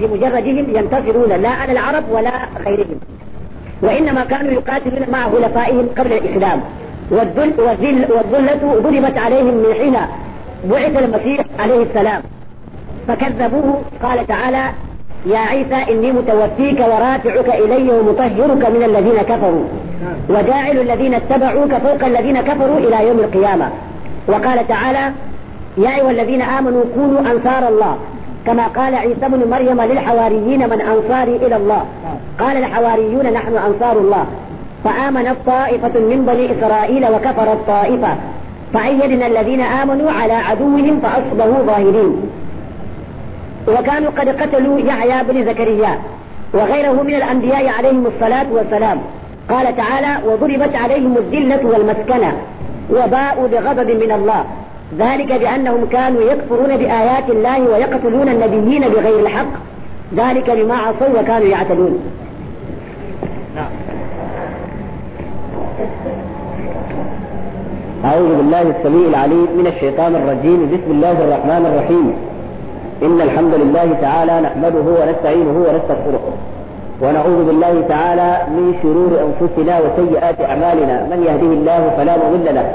بمجردهم ينتصرون لا على العرب ولا غيرهم وإنما كانوا يقاتلون مع خلفائهم قبل الإسلام والذل والذلة ظلمت عليهم من حين بعث المسيح عليه السلام فكذبوه قال تعالى يا عيسى إني متوفيك ورافعك إلي ومطهرك من الذين كفروا وجاعل الذين اتبعوك فوق الذين كفروا إلى يوم القيامة وقال تعالى يا أيها الذين آمنوا كونوا أنصار الله كما قال عيسى بن مريم للحواريين من أنصاري إلى الله قال الحواريون نحن أنصار الله فآمنت طائفة من بني إسرائيل وكفرت طائفة فأيدنا الذين آمنوا على عدوهم فأصبحوا ظاهرين وكانوا قد قتلوا يحيى بن زكريا وغيره من الأنبياء عليهم الصلاة والسلام قال تعالى وضربت عليهم الذلة والمسكنة وباءوا بغضب من الله ذلك بأنهم كانوا يكفرون بآيات الله ويقتلون النبيين بغير الحق ذلك بما عصوا وكانوا يعتدون نعم. أعوذ بالله السميع العليم من الشيطان الرجيم بسم الله الرحمن الرحيم إن الحمد لله تعالى نحمده ونستعينه ونستغفره ونعوذ بالله تعالى من شرور أنفسنا وسيئات أعمالنا من يهده الله فلا مضل له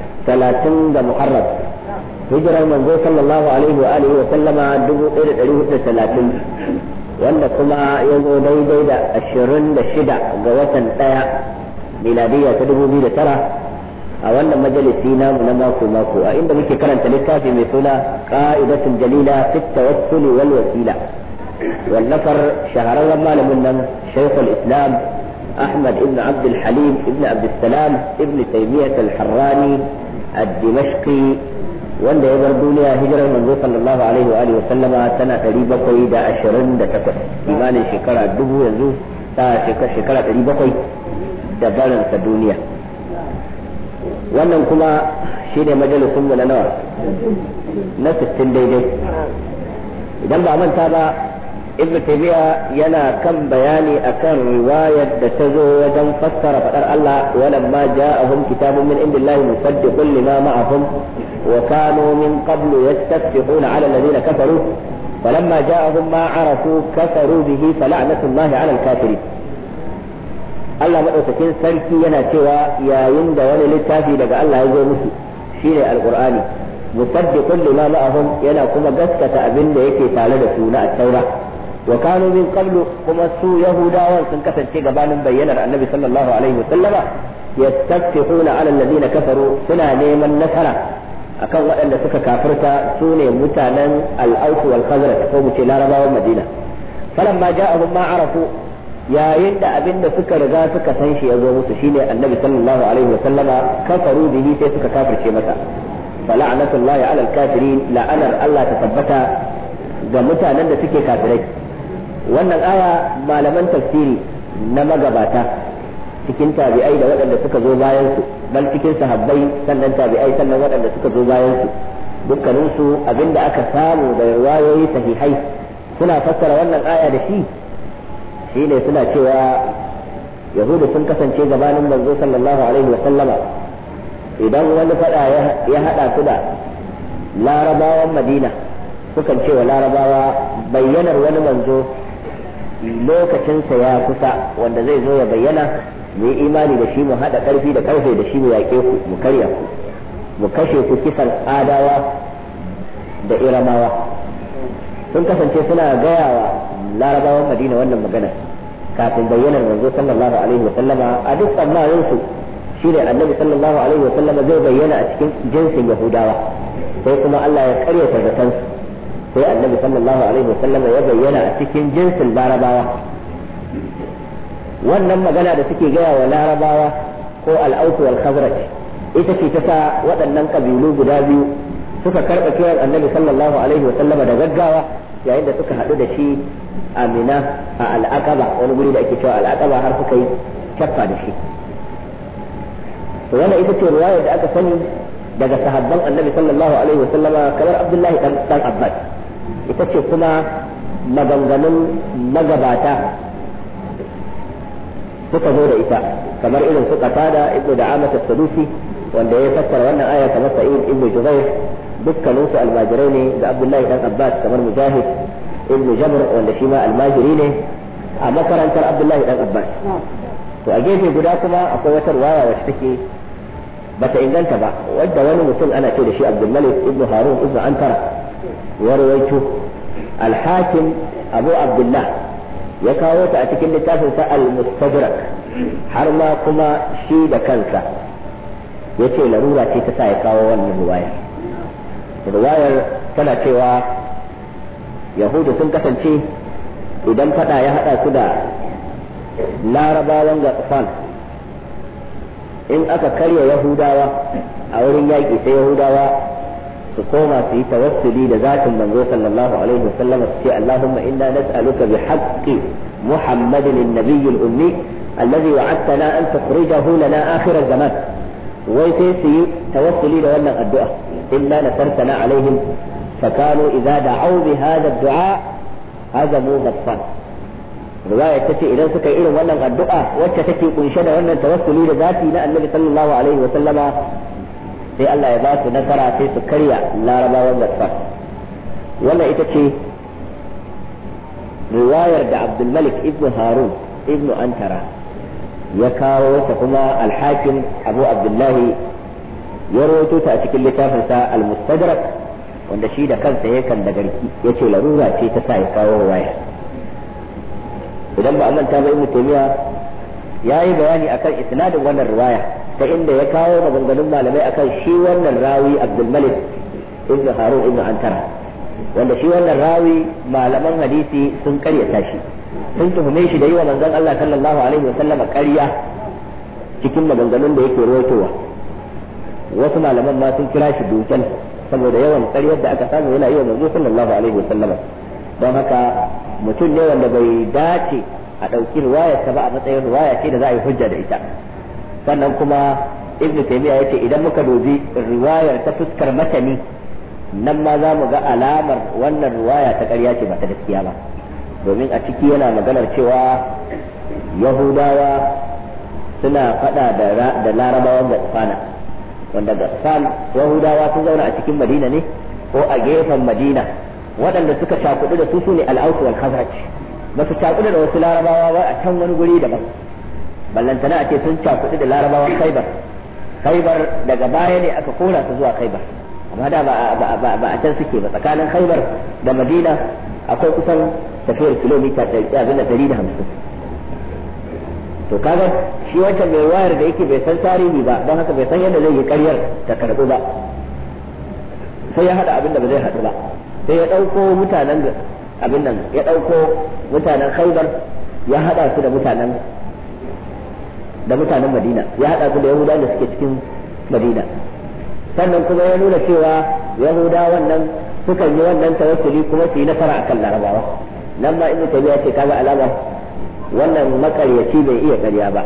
ثلاثين محرم هجر من صلى الله عليه وآله وسلم دبو إلى إلى ثلاثين وأن كما يوم دي دي دا الشرن دا الشدع غوثن تايا ميلادية تدبو بي ترى أولا مجلسينا منماكو ماكو أين دمك كرن تلتا في مثلا قائدة جليلة في التوكل والوسيلة والنفر شهر رمال من شيخ الإسلام أحمد بن عبد الحليم بن عبد السلام بن تيمية الحراني الدمشقي wanda ya bar duniya hijirar manzo sallallahu alaihi wa alihi wasallama tana 728 imanin shekara dubu yanzu ta shekara 700 da barinsa duniya wannan kuma shine ne majalisun mu na nawa na 60 daidai idan ba manta ba ibn taymiya yana kan bayani akan riwayar da ta zo wajen fassara fadar Allah walamma ja'ahum kitabun min indillahi musaddiqun lima ma'ahum wa kanu min qablu yastafihuna 'ala alladhina kafaru فلما جاءهم ما عرفوا كفروا به فلعنة الله على الكافرين Allah maɗaukakin sarki yana cewa yayin da wani littafi daga Allah ya zo musu shine alqur'ani musaddiqun lima ma'ahum yana kuma gaskata abin da yake tare da su na at-taura wa kanu min qablu kuma su yahudawa sun kasance gabanin bayyanar annabi sallallahu alaihi wa sallama yastafihuna ala alladhina kafaru suna neman nasara akan waɗanda suka kafirta su ne mutanen al'auku wal khazraj ko mu ce larabawan madina falamma ja'ahum ma arafu yayin da abin da suka riga suka san shi ya zo musu shine annabi sallallahu alaihi kafaru bihi sai suka kafirce masa fala'natullahi alal kafirin la'anar Allah ta tabbata ga mutanen da suke kafirai wannan aya malaman tafsiri na magabata cikin tabi'ai da waɗanda suka zo bayan su bal cikin sahabbai sannan tabi'ai sannan waɗanda suka zo bayan su dukkanin su abinda aka samu da riwayoyi sahihai suna fassara wannan aya da shi shine suna cewa yahudu sun kasance gabanin manzo sallallahu alaihi wa sallama idan wani fada ya hada su da larabawan madina sukan cewa larabawa bayyanar wani manzo lokacinsa ya kusa wanda zai zo ya bayyana mu yi imani da shi mu haɗa ƙarfi da ƙarfe da shi mu yaƙe ku mu karya ku mu kashe ku kisan adawa da iramawa sun kasance suna gaya wa larabawan madina wannan magana kafin bayyanar manzo sallallahu alaihi wa sallama a duk tsammanin su shine annabi sallallahu alaihi wa sallama zai bayyana a cikin jinsin yahudawa sai kuma Allah ya karya zaton su sai annabi sallallahu alaihi wasallam ya bayyana a cikin jinsin larabawa wannan magana da suke gaya wa larabawa ko al'ausu wal khazraj ita ce ta sa waɗannan kabilu guda biyu suka karɓa kiran annabi sallallahu alaihi wasallam da gaggawa yayin da suka haɗu da shi a a al'aqaba wani guri da ake cewa al'aqaba har suka yi kyaffa da shi to wannan ita ce riwaya da aka sani daga sahabban annabi sallallahu alaihi wasallama kamar abdullahi dan abbas ita ce kuma maganganun magabata suka zo da ita kamar irin su qatada ibnu da'ama amata sadusi wanda ya fassara wannan aya kamar sa'id ibnu jubair dukkanin su almajirai ne da abdullahi dan abbas kamar mujahid ibnu jabr wanda shi ma almajiri ne a makarantar abdullahi dan abbas to a gefe guda kuma akwai wata ruwaya wacce take bata inganta ba wadda wani mutum ana ce da shi malik ibnu harun ibnu antara ya al abu abdullah ya kawo ta a cikin littafin sa al-mustadrak har ma kuma shi da kansa yace larura ce ta sa ya kawo wannan ruwaya. riwayar tana cewa yahudu sun kasance idan fada ya hada su da larabawan tsafan in aka karya yahudawa a wurin yaƙi sai yahudawa su koma su yi tawassuli da zatin manzo sallallahu alaihi wasallam su ce Allahumma inna nas'aluka bi haqqi Muhammadin an-nabiy al-ummi alladhi wa'adtana an tukhrijahu lana akhir az-zaman wai sai su yi tawassuli da wannan addu'a inna nasartana alaihim فكانوا إذا دعوا بهذا du'a هزموا غطفان riwaya ta ce idan suka yi irin wannan addu'a wacce take kunshe da wannan tawassuli da zati na annabi sallallahu alaihi wa sallama sai Allah ya ba su nasara sai su karya larabawan gaffar wannan ita ce riwayar da abdulmalik ibnu ibn Harun ibn Antara ya kawo ta kuma alhakim Abu Abdullahi ya rawaito ta a cikin littafinsa al-Mustadrak wanda shi da kansa yakan da garki yace larura ce ta sa ya kawo waya idan ba a manta ba Ibn Taymiyyah ya yi bayani akan isnadin wannan riwaya ta inda ya kawo maganganun malamai akan shi wannan rawi abdulmalik ibn harun ibn antara wanda shi wannan rawi malaman hadisi sun karyata shi sun tuhume shi da yi wa manzon Allah sallallahu alaihi wa sallama ƙarya cikin maganganun da yake rawaitowa wasu malaman ma sun kira shi dukan saboda yawan ƙaryar da aka samu yana yi wa manzo sallallahu alaihi wa sallama don haka mutum ne wanda bai dace a ɗauki riwayar ta ba a matsayin riwaya ce da za a yi hujja da ita sannan kuma ibn taymiya ce idan muka dubi riwayar ta fuskar matani nan ma za mu ga alamar wannan riwaya ta ƙarya ce ba ta gaskiya ba domin a ciki yana maganar cewa yahudawa suna faɗa da larabawan gatsfana wanda gatsfan yahudawa sun zauna a cikin madina ne ko a gefen madina waɗanda suka shakudu da su su ne al'ausu wal ba su da wasu larabawa ba a can wani guri daban ballantana a ce sun cakuɗu da larabawan kaibar khaibar daga baya ne aka kora su zuwa khaibar amma da ba a can suke ba tsakanin kaibar da madina akwai kusan tafiyar kilomita abin da ɗari da hamsin to kaga shi wancan mai wayar da yake bai san tarihi ba don haka bai san yadda zai yi karyar ta karɓu ba sai ya haɗa abin da ba zai haɗu ba sai ya ɗauko mutanen abin nan ya ɗauko mutanen khaibar ya haɗa su da mutanen da mutanen madina ya haɗa su da yahuda da suke cikin madina sannan kuma ya nuna cewa yahuda wannan sukan yi wannan tawassuli kuma su yi nasara akan larabawa nan ma ibnu tabiya ce kaga alama wannan makaryaci bai iya ƙarya ba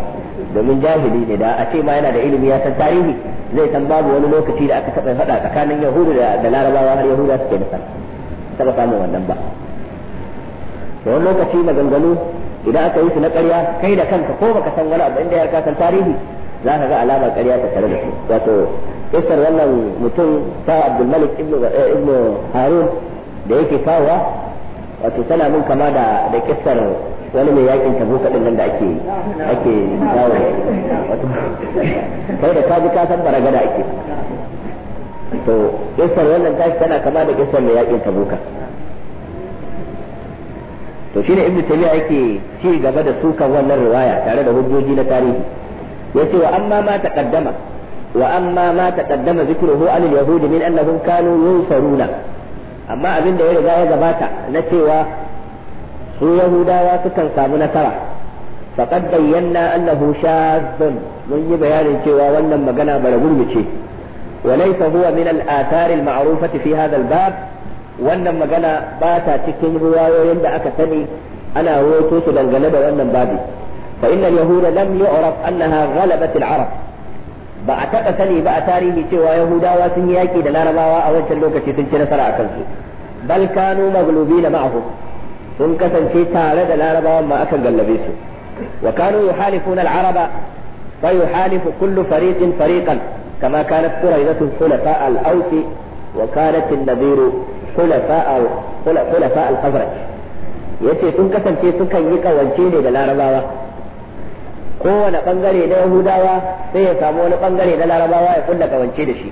domin jahili ne da a ce ma yana da ilimi ya san tarihi zai san babu wani lokaci da aka taɓa faɗa tsakanin yahudu da larabawa har yahuda suke nasara taɓa samun wannan ba da wani lokaci maganganu idan aka yi su na ƙarya kai da kanka ko baka san wani abu inda ya ka tarihi za ka ga alamar ƙarya ta tare da su wato kisar wannan mutum ta Abdul Malik ibn eh, Harun da yake kawowa wato tana mun kama da da kisar wani mai yakin tabu kadin nan da ake ake kawo wato kai da ka ji ka san baragada ake to kisar wannan tashi tana kama da kisar mai yakin tabuka to shine ibnu taymiya yake ci gaba da sukan wannan riwaya tare da hujjoji na tarihi yace wa amma ma taqaddama wa amma ma taqaddama zikruhu anil yahud min annahum kanu yunsaruna amma abin da ya riga ya gabata na cewa su yahudawa sukan samu nasara faqad bayyana annahu shazzun mun yi bayanin cewa wannan magana bara gurbi ce وليس هو من الآثار المعروفة في هذا الباب wannan magana ba ta cikin ruwayoyin da aka sani ana rawaito su dangane da wannan babi fa innal yahuda lam yu'raf annaha ghalabat al-arab ba a taɓa sani ba a tarihi cewa yahudawa sun yi yaƙi da larabawa a wancan lokaci sun ci nasara a kansu bal kanu maghlubina ma'ahu sun kasance tare da larabawa ma akan gallabe su wa kanu yuhalifuna al-araba fa yuhalifu kullu fariqin fariqan kama kanat quraizatu khulafa al awsi wa kanat an khulafa al yace sun kasance sukan yi kawance ne da larabawa kowane bangare na yahudawa sai ya samu wani bangare na larabawa ya kulla kawance da shi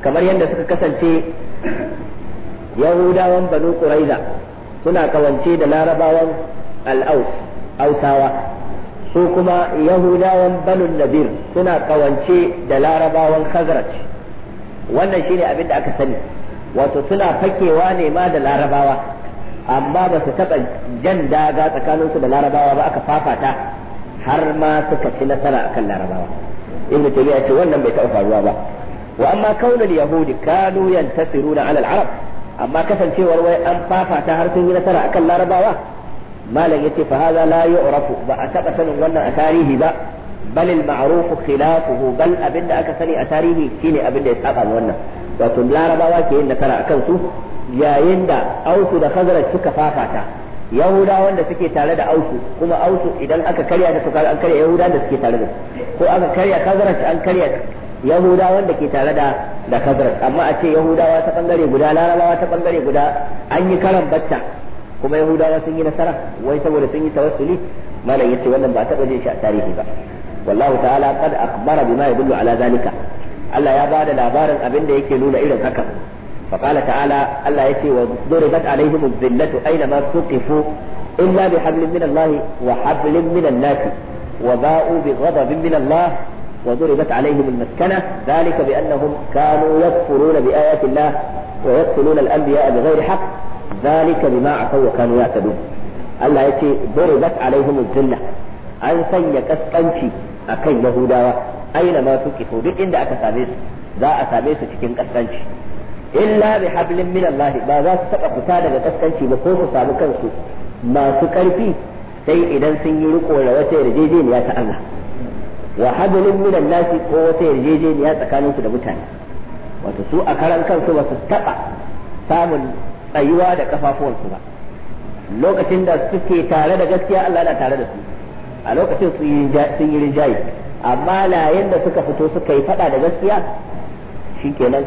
kamar yadda suka kasance yahudawan banu quraiza suna kawance da larabawan al-aus ausawa su kuma yahudawan banu Nabir suna kawance da larabawan khazraj wannan shine abin da aka sani wato suna fakewa ne ma da larabawa amma ba su taɓa jan daga tsakaninsu da larabawa ba aka fafata har ma suka ci nasara akan larabawa ibn taymiya ce wannan bai taɓa faruwa ba wa amma kaunul yahudi kanu tasiru ala alal arab amma kasancewar wai an fafata har sun yi nasara akan larabawa malam yace fa hadha la yu'rafu ba a taɓa sanin wannan a tarihi ba bal al-ma'ruf khilafuhu bal abinda aka sani a tarihi shine abinda ya saba wannan wato larabawa ke yin nasara a kansu yayin da ausu da khazraj suka fafata yahuda wanda suke tare da ausu kuma ausu idan aka karya da su an karya yahuda da suke tare da su ko aka karya khazraj an karya yahuda wanda ke tare da da khazraj amma a ce yahudawa ta bangare guda larabawa ta bangare guda an yi karan batta kuma yahudawa sun yi nasara wai saboda sun yi tawassuli malam yace wannan ba taɓa jin shi a tarihi ba wallahu ta'ala qad akbara bima yadullu ala zalika Allah ya bada labarin abin da yake nuna irin haka فقال تعالى الله يتي وضربت عليهم الذلة أينما سقفوا إلا بحبل من الله وحبل من الناس وباءوا بغضب من الله وضربت عليهم المسكنة ذلك بأنهم كانوا يكفرون بآيات الله ويقتلون الأنبياء بغير حق ذلك بما عصوا وكانوا يعتدون الله يتي ضربت عليهم الذلة أن سيك يكسكنشي أكن يهوداوة aina ma kifo duk inda aka same su za a same su cikin kaskanci illa bi hablin min Allah ba za su taba fita daga kaskanci ba ko su samu kansu masu karfi sai idan sun yi riko da wata yarjejeniya ta Allah wa hablin min Allah ko wata yarjejeniya tsakanin su da mutane wato su a karan kansu ba su taba samun tsayuwa da kafafuwansu ba lokacin da suke tare da gaskiya Allah na tare da su a lokacin sun yi rinjaye amma layin da suka fito suka yi fada da gaskiya shikenan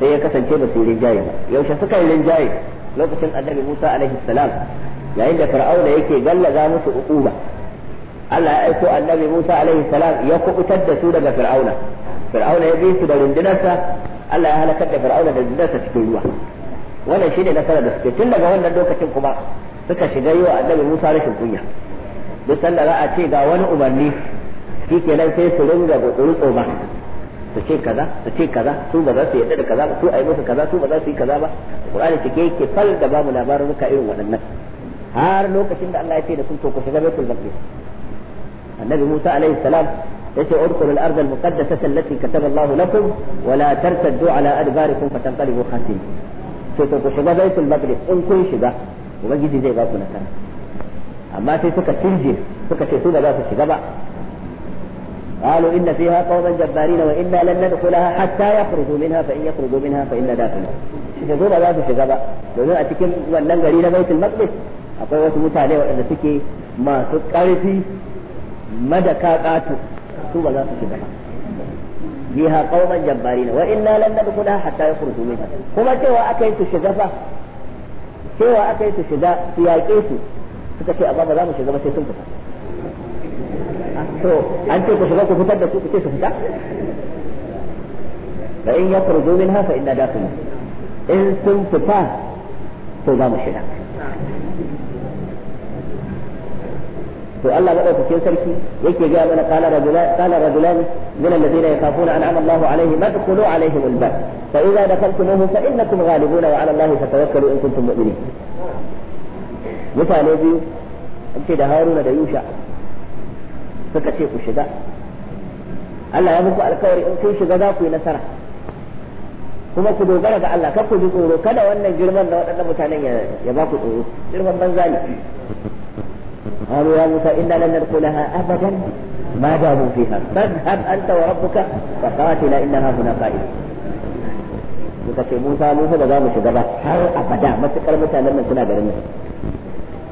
sai ya kasance ba su yi rinjaye ba yaushe suka yi rinjaye lokacin annabi Musa alaihi salam yayin da fir'auna yake gallaza musu uquba Allah ya aiko annabi Musa alaihi salam ya kubutar da su daga fir'auna fir'auna ya bi su da rundunarsa Allah ya halakar da fir'auna da rundunarsa cikin ruwa wannan shine nasarar da suke tun daga wannan lokacin kuma suka shiga yi wa annabi Musa rashin kunya duk sanda za a ce ga wani umarni shi kenan sai su ringa rutso ba su ce kaza su ce kaza su ba za su yadda da kaza ba su a yi musu kaza su ba za su yi kaza ba qur'ani cike yake fal da ba mu labarin ka irin waɗannan har lokacin da Allah ya ce da sun to ku shiga baitul maqdis annabi Musa alaihi salam yace udkhulul ard al muqaddasata allati kataba Allah lakum wa la tartaddu ala adbarikum fatanqalibu khasin to to ku shiga baitul maqdis in kun shiga ubangiji zai ba ku nasara amma sai suka tinje suka ce su ba za su shiga ba قالوا إن فيها قوما جبارين وإنا لن ندخلها حتى يخرجوا منها فإن يخرجوا منها فإنا داخلون shi zo ba za su shiga ba domin a cikin wannan gari na baitul maqdis akwai wasu mutane waɗanda suke masu ƙarfi madaka ƙato su za su shiga ba biha qauman jabbarin wa inna lan nadkhula hatta yakhruju minha kuma cewa aka yi su shiga cewa aka yi su shiga yaƙe su suka ce ba za shiga ba sai sun to an ce ku shiga ku fitar da su ku ce su fita fa in ya yakhruju minha fa inna dakhil in sun fita to za mu shiga to Allah madaukakin sarki yake ga mana qala rajulan qala rajulan min alladhina yakhafuna an'ama Allahu alaihim madkhulu alaihim albab fa idza dakhaltumuhu fa innakum ghalibuna wa 'ala Allahi fatawakkalu in kuntum mu'minin mutane biyu an ce da Haruna da Yusha suka ce ku shiga Allah ya muku alkawari in kun shiga za ku yi nasara kuma ku dogara ga Allah kar ku ji tsoro kada wannan girman da waɗannan mutanen ya ba ku tsoro girman banza ne قالوا يا موسى إنا لن ندخلها أبدا ما داموا فيها فاذهب أنت وربك فقاتلا إنها هنا qa'id suka ce Musa mu ba za mu shiga ba har abada matukar mutanen nan suna garin nan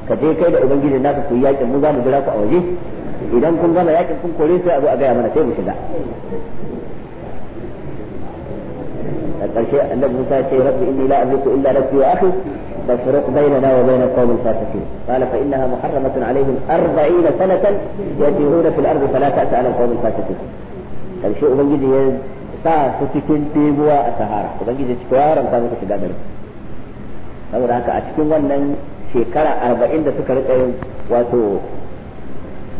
ka je kai da ubangiji naka ku yaƙi mu za mu jira ku a waje idan kun gama yakin kun kore sai abu a gaya mana sai mu shiga a ƙarshe annabi Musa ya ce rabbi inni la amliku illa nafsi wa akhi فافرق بيننا وبين القوم الفاسقين قال فإنها محرمة عليهم أربعين سنة يتيهون في الأرض فلا تأس على القوم الفاسقين كان شيء أبنجد sa su cikin tebuwa a sahara ubangiji cikin yaron ta muka shiga dare saboda haka a cikin wannan shekara arba'in da suka rika yin wato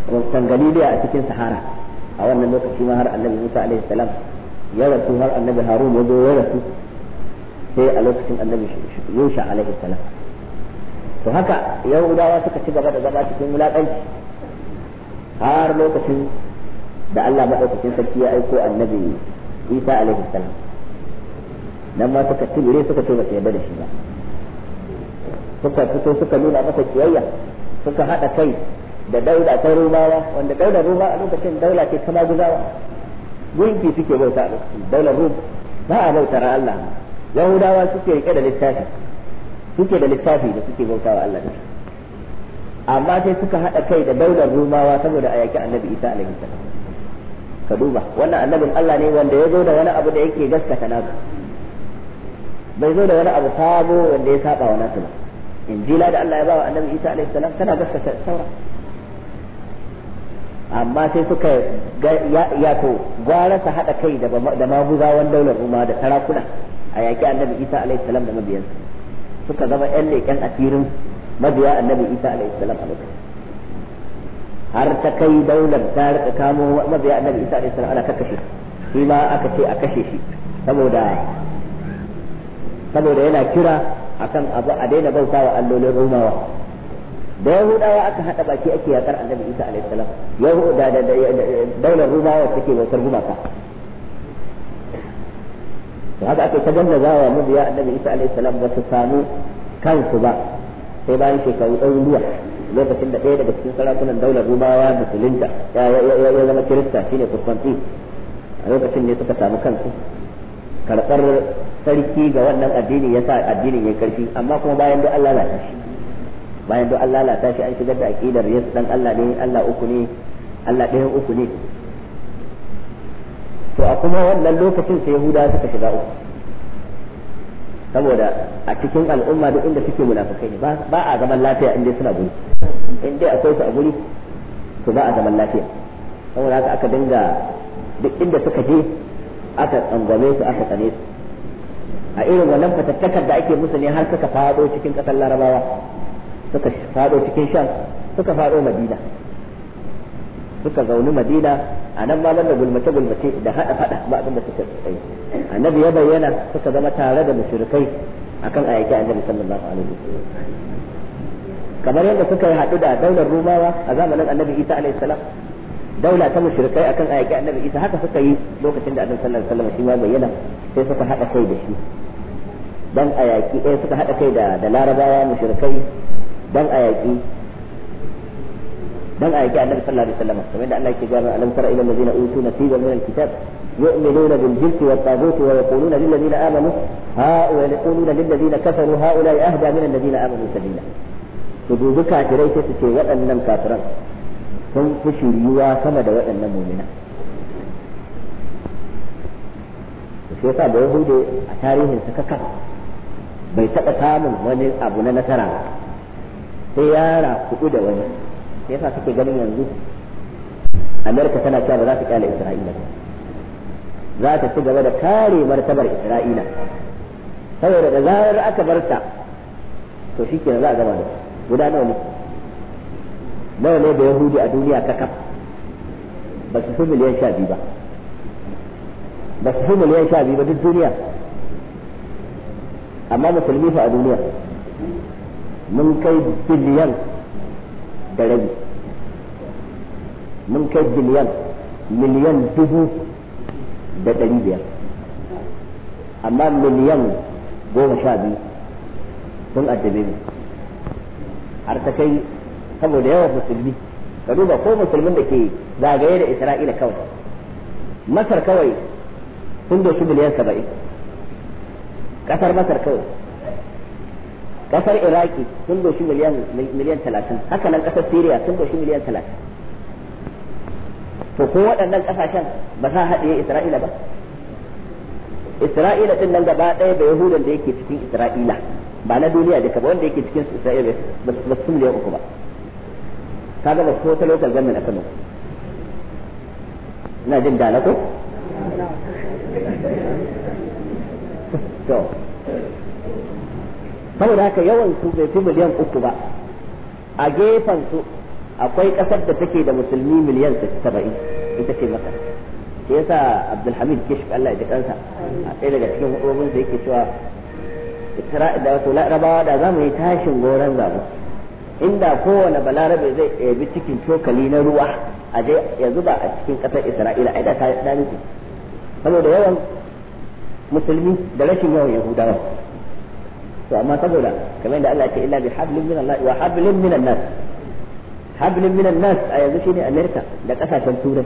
Galiliya a cikin Sahara a wannan lokaci ma har Annabi Musa alaihi salam ya rasu har Annabi Harun ya zo ya rasu sai a lokacin Annabi Yusha alaihi salam to haka Yahudawa suka ci gaba da zama cikin wulaƙanci har lokacin da Allah maɗaukakin sarki ya aiko Annabi Isa alaihi salam nan ma suka tibire suka ce ba su yarda da shi ba suka fito suka nuna masa kiyayya suka haɗa kai da daula ta rumawa wanda daular ruma a lokacin daula ke kama gudawa gunki suke bauta a lokacin daular rum ba a na Allah yahudawa suke rike da littafi suke da littafi da suke bauta wa Allah amma sai suka hada kai da daular rumawa saboda a yaki annabi isa alaihi salam ka duba wannan annabin Allah ne wanda ya zo da wani abu da yake gaskata naka bai zo da wani abu sabo wanda ya saba wa nasu ba injila da Allah ya ba wa annabi isa alaihi salam tana gaskata saura amma sai suka ya to gwara su haɗa kai da maguzawan daular umar da sarakuna a yaƙi annabi isa alaihi salam da mabiyansa suka zama yan leƙen asirin mabiya annabi isa alaihi salam a lokacin har ta kai daular ta rika kamo mabiya annabi isa alaihi salam ana kakkashe shi ma aka ce a kashe shi saboda saboda yana kira akan abu a daina bautawa allolin rumawa da yahudawa aka hada baki ake yakar annabi isa alayhi salam yahuda da daular rumawa take bautar gumaka to haka ake ta zawa mabiya annabi isa alayhi salam ba su samu kansu ba sai bayan shekaru ɗaruruwa lokacin da ɗaya daga cikin sarakunan daular rumawa musulunta ya zama kirista shine kurfanti a lokacin ne suka samu kansu karbar sarki ga wannan addini ya sa addinin ya karfi amma kuma bayan da Allah na shi bayan duk an lalata shi an shigar da aqidar yesu dan Allah ne Allah uku ne Allah ɗaya uku ne to a kuma wannan lokacin sai yahuda suka shiga uku saboda a cikin al'umma duk inda suke munafikai ne ba a zaman lafiya inda suna guri inda akwai su a guri to ba a zaman lafiya saboda haka aka dinga duk inda suka je aka tsangwame su aka tsane su a irin wannan fatattakar da ake musu ne har suka fado cikin ƙasar larabawa suka fado cikin shan suka fado madina suka zauni madina a nan ma da gulmace gulmace da hada fada ba abin da suka tsaye annabi ya bayyana suka zama tare da mushrikai akan ayyuka annabi sallallahu alaihi wasallam kamar yadda suka yi hadu da daular rumawa a zamanin annabi isa alaihi salam daula ta mushrikai akan ayyuka annabi isa haka suka yi lokacin da annabi sallallahu alaihi wasallam shi ma bayyana sai suka hada kai da shi dan ayaki ɗaya eh, suka hada kai da da larabawa mushrikai dan a yaƙi dan a yaƙi sallallahu alaihi wasallam kamar da Allah yake gaba alam tara ila allazina utu nasiba min alkitab yu'minuna bil jibti wat tagut wa yaquluna lil ladina amanu ha wa yaquluna lil ladina kafaru haula ahda min alladina amanu sabila to duka kafirai sai su ce waɗannan kafiran sun fi shiryuwa sama da waɗannan mu'mina sai sa da hude a tarihin sa bai taɓa samun wani abu na nasara sai yara kudu da wani yasa suke ganin yanzu amerika tana cewa ba za ta kyale isra'ila za ta ci gaba da kare martabar isra'ila saboda da zarar aka bar ta to shi ke za a gama da guda nawa ne nawa ne da yahudi a duniya ta kaf ba su fi miliyan sha biyu ba ba su fi miliyan sha biyu ba duk duniya amma musulmi fa a duniya mun kai biliyan da rabi mun kai biliyan miliyan dubu da ɗari biyar amma miliyan goma sha biyu sun addabe mu har ta kai saboda yawan musulmi ka duba ko musulmin da ke zagaye da isra'ila kawai masar kawai sun doshi miliyan saba'in ƙasar masar kawai kasar iraki sun doshi miliyan miliyan talatin haka nan kasar syria sun doshi miliyan talatin to ko waɗannan kasashen ba za haɗe isra'ila ba isra'ila din nan gaba ɗaya da yahudan da yake cikin isra'ila ba na duniya duka ba wanda yake cikin isra'ila ba su miliyan uku ba ka gaba ko ta local government a kano ina jin dala ko saboda haka yawan su bai fi miliyan uku ba a gefen su akwai kasar da take da musulmi miliyan 70 ita ce masar shi yasa abdulhamid kishf Allah ya ji kansa a ɗaya daga cikin hudubin sa yake cewa da wato larabawa da zamu yi tashin goron zamu inda kowane balarabe zai bi cikin cokali na ruwa a je ya zuba a cikin ƙasar isra'ila ai da ta saboda yawan musulmi da rashin yawan yahudawa to amma saboda kamar yadda Allah ya ce illa bi hablin min Allah wa hablin min nas hablin min nas a yanzu shine America da kasashen turai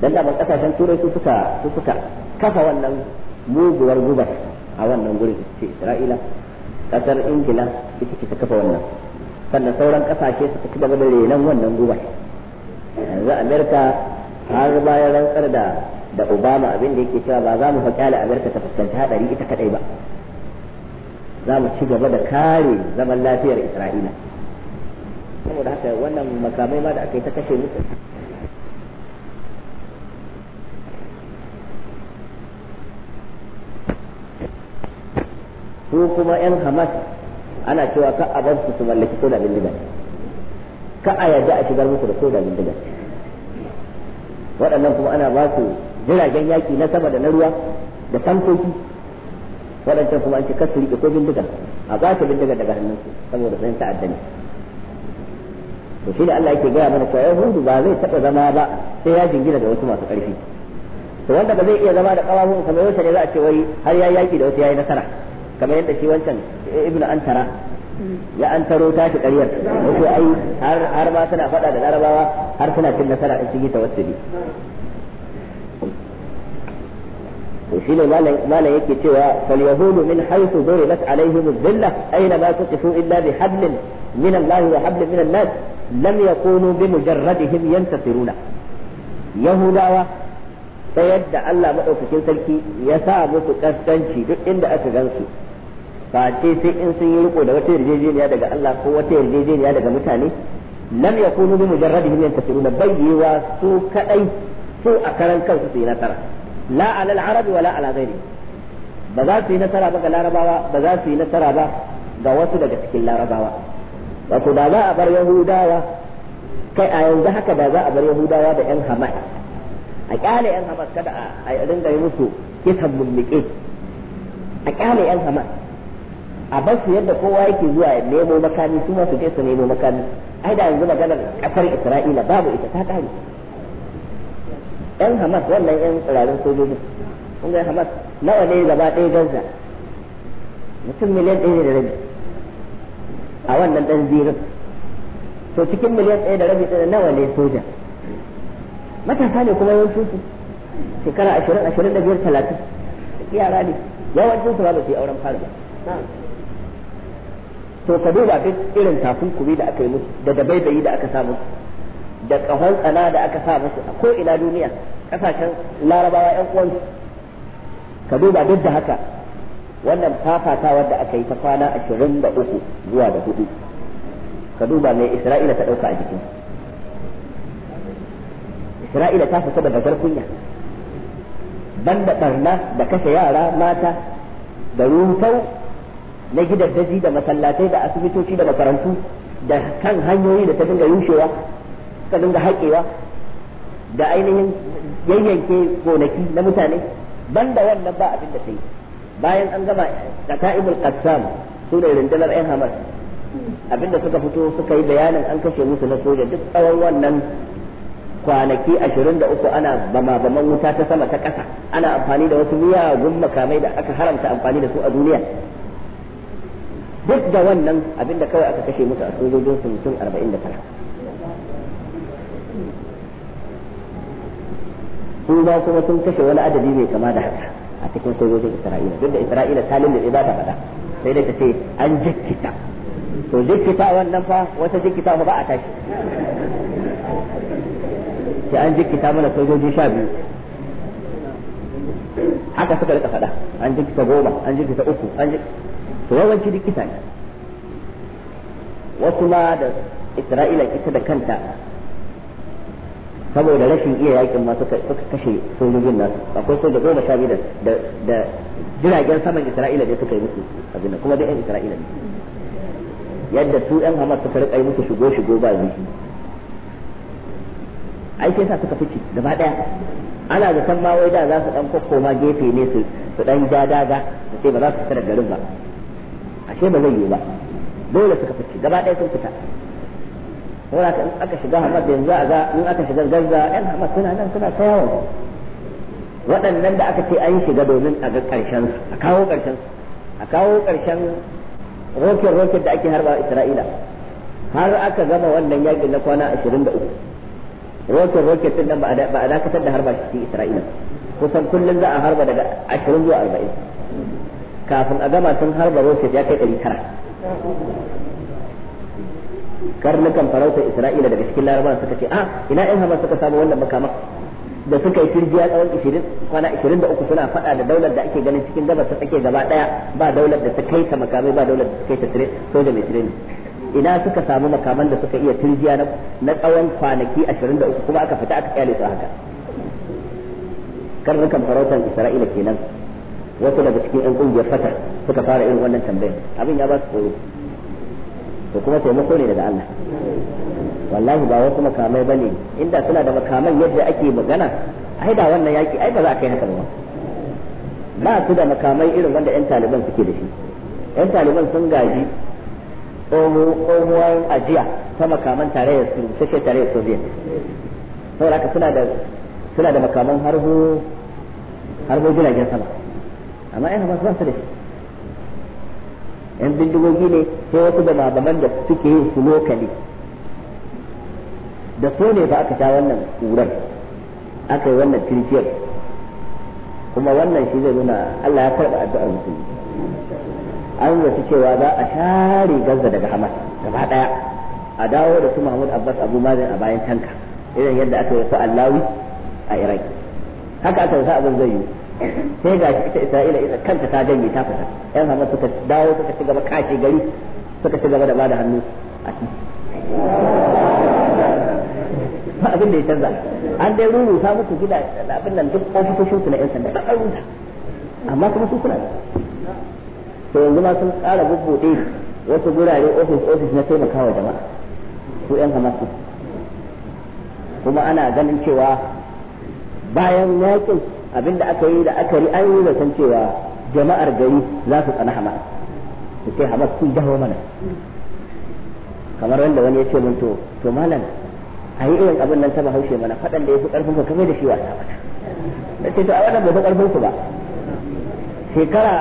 dan da kasashen turai su suka su suka kafa wannan muguwar gubar a wannan guri ce Isra'ila kasar Ingila ita ce ta kafa wannan sannan sauran kasashe suka ci gaba da renon wannan gubar yanzu America har bayan rantsar da da Obama abin da yake cewa ba za mu fa kyale America ta fuskanci hadari ita kadai ba za mu ci gaba da kare zaman lafiyar isra'ila saboda haka wannan makamai ma da aka yi ta kashe musu Ko kuma 'yan hamas ana cewa ka a bar su su mallaki ko da bindiga ka a yarda a shigar musu da ko da bindiga waɗannan kuma ana ba su jiragen yaƙi na sama da na ruwa da tankoki waɗancan kuma an ce kasu riƙe ko bindiga a ɓata bindiga daga hannunsu saboda sun ta'adda ne to shi ne Allah yake gaya mana cewa yahudu ba zai taɓa zama ba sai ya jingina da wasu masu ƙarfi to wanda ba zai iya zama da ƙawafun kamar yau ne za a ce wai har ya yaki da wasu ya yi nasara kamar yadda shi wancan ibn antara ya antaro taro tashi ƙaryar wato ai har ma suna fada da larabawa har suna cin nasara in sun yi tawassuli وشين ما لا يكي فاليهود من حيث ضربت عليهم الذلة أينما تقفوا إلا بحبل من الله وحبل من الناس لم يكونوا بمجردهم ينتصرون يهودا ta yadda Allah maɗaukakin sarki ya sa musu kaskanci duk inda aka gansu ba sai in sun yi riko da wata yarjejeniya daga Allah ko wata yarjejeniya daga mutane lam yakunu bi mujarradihim su kadai su a karan kansu su yi nasara la ala al-arab wala ala ba za su yi nasara ba ga larabawa ba za su yi nasara ba ga wasu daga cikin larabawa wato ba za a bar yahudawa kai a yanzu haka da za a bar yahudawa da yan hamas a kyale yan hamas kada a dinga yi musu kisan mulmuke a kyale yan hamas a bar su yadda kowa yake zuwa ya nemo makami su ma su je su nemo makami ai da yanzu maganar kasar isra'ila babu ita ta kare yan hamas wannan yan tsirarin sojoji kun ga hamas nawa ne gaba ɗaya gaza mutum miliyan ɗaya da rabi a wannan ɗan zirin to cikin miliyan ɗaya da rabi ɗaya nawa ne soja matasa ne kuma yawancin su shekara ashirin ashirin da biyar talatin yara ne yawancin su ba su yi auren fara ba to ka duba duk irin kubi da aka yi musu da dabaibayi da aka sa musu da kahon tsana da aka sa musu a ko duniya kasashen larabawa yan uwan ka duba duk da haka wannan fafata da aka yi ta kwana ashirin da zuwa da hudu ka duba mai isra'ila ta ɗauka a jikin isra'ila ta fita da bakar kunya banda barna da kashe yara mata da rufau na gidan daji da masallatai da asibitoci da makarantu da kan hanyoyi da ta dinga yushewa suka dinga haƙewa da ainihin yayyanke gonaki na mutane banda wannan ba abin da sai bayan an gama qata'ibul qassam su ne rundunar ɗan hamas abinda suka fito suka yi bayanin an kashe musu na soja duk tsawon wannan kwanaki ashirin da uku ana bama-baman wuta ta sama ta ƙasa ana amfani da wasu miyagun makamai da aka haramta amfani da su a duniya duk da wannan abinda kawai aka kashe musu a sojojin su mutum arba'in da tara su ba kuma sun kashe wani adadi mai kama da haka a cikin sojojin Isra'ila duk da Isra'ila ta lullube ba ta faɗa sai da ta ce an jikkita to jikkita wannan fa wata jikkita ba a tashi sai an jikkita mana sojoji sha biyu haka suka rika faɗa an jikkita goma an jikkita uku an to yawanci jikkita ne wasu ma da Isra'ila ita da kanta saboda rashin iya yakin ma suka kashe sojojin nasu akwai soja goma sha biyu da jiragen saman Isra'ila ne suka yi musu abin kuma da yan Isra'ila ne yadda su yan Hamas suka rika yi musu shigo shigo ba zuci ai sai sa suka fice gaba daya ana da san ma wai da za su dan kokkoma gefe ne su su dan ja daga su ce ba za su fita da garin ba ashe ba zai yi ba dole suka fice gaba daya sun fita saboda in aka shiga Hamas yanzu a ga in aka shiga Gaza ɗan suna nan suna ta waɗannan da aka ce an shiga domin a ga ƙarshen su a kawo ƙarshen su a kawo ƙarshen rokin rokin da ake harba Isra'ila har aka gama wannan yakin na kwana 23 rokin rokin din nan ba a dakatar da harba shi Isra'ila kusan kullum za a harba daga 20 zuwa 40 kafin a gama tun harba rokin ya kai 900 karnukan farautar isra'ila daga cikin laraba suka ce a ah, ina yan hamas suka samu wannan makaman da suka yi firjiya tsawon 20 kwana 23 suna fada da daular da ake ganin cikin gabas ta tsake gaba daya ba daular da ta kai ta makamai ba daular da ta kai ta soja mai tireni ina suka samu makaman da suka iya turjiya na tsawon kwanaki 23 kuma aka fita aka kyale su haka karnukan farautar isra'ila kenan wasu daga cikin 'yan kungiyar fatar suka fara irin wannan tambayar abin ya ba su koyo to kuma taimako ne daga Allah wallahi ba wasu makamai bane inda suna da makaman yadda ake magana ai da wannan yaki ai ba za a kai haka ba ba su da makamai irin wanda yan taliban suke da shi yan taliban sun gaji tsohuwar ajiya ta makaman tarayyar su take tarayyar soviet saboda haka suna da suna da makaman harbo harbo jiragen sama amma yan hamas ba su da shi yan bindigogi ne sai wasu da mabaman da suke yin su lokali da su ne ba aka sha wannan kurar aka yi wannan kirkiyar kuma wannan shi zai nuna Allah ya karɓa addu'ar musulmi an wasu cewa za a share gaza daga hamas gaba ɗaya a dawo da su mahmud abbas abu mazin a bayan tanka irin yadda aka yi su allawi a iraki haka aka yi sa zai yi sai ga ita Isra'ila ita kanta ta janye ta fita yan Hamas suka dawo suka ci gaba kashe gari suka ci gaba da bada hannu a titi ba abin da ya canza an dai ta muku gida abin nan duk ofisoshin su na yan sanda an amma kuma su kuna to yanzu ma sun ƙara bubbuɗe wasu gurare ofis ofis na taimakawa jama'a su yan Hamas kuma ana ganin cewa bayan yakin abinda aka yi da aka yi an yi san cewa jama'ar gari za su tsana hamas su ce hamas kun dawo mana kamar wanda wani ya ce mun to to malam a yi irin abin nan ta bahaushe mana faɗan da ya fi ƙarfin ka kamar da shi wa ta da ce to a wannan bai fi ƙarfin ku ba shekara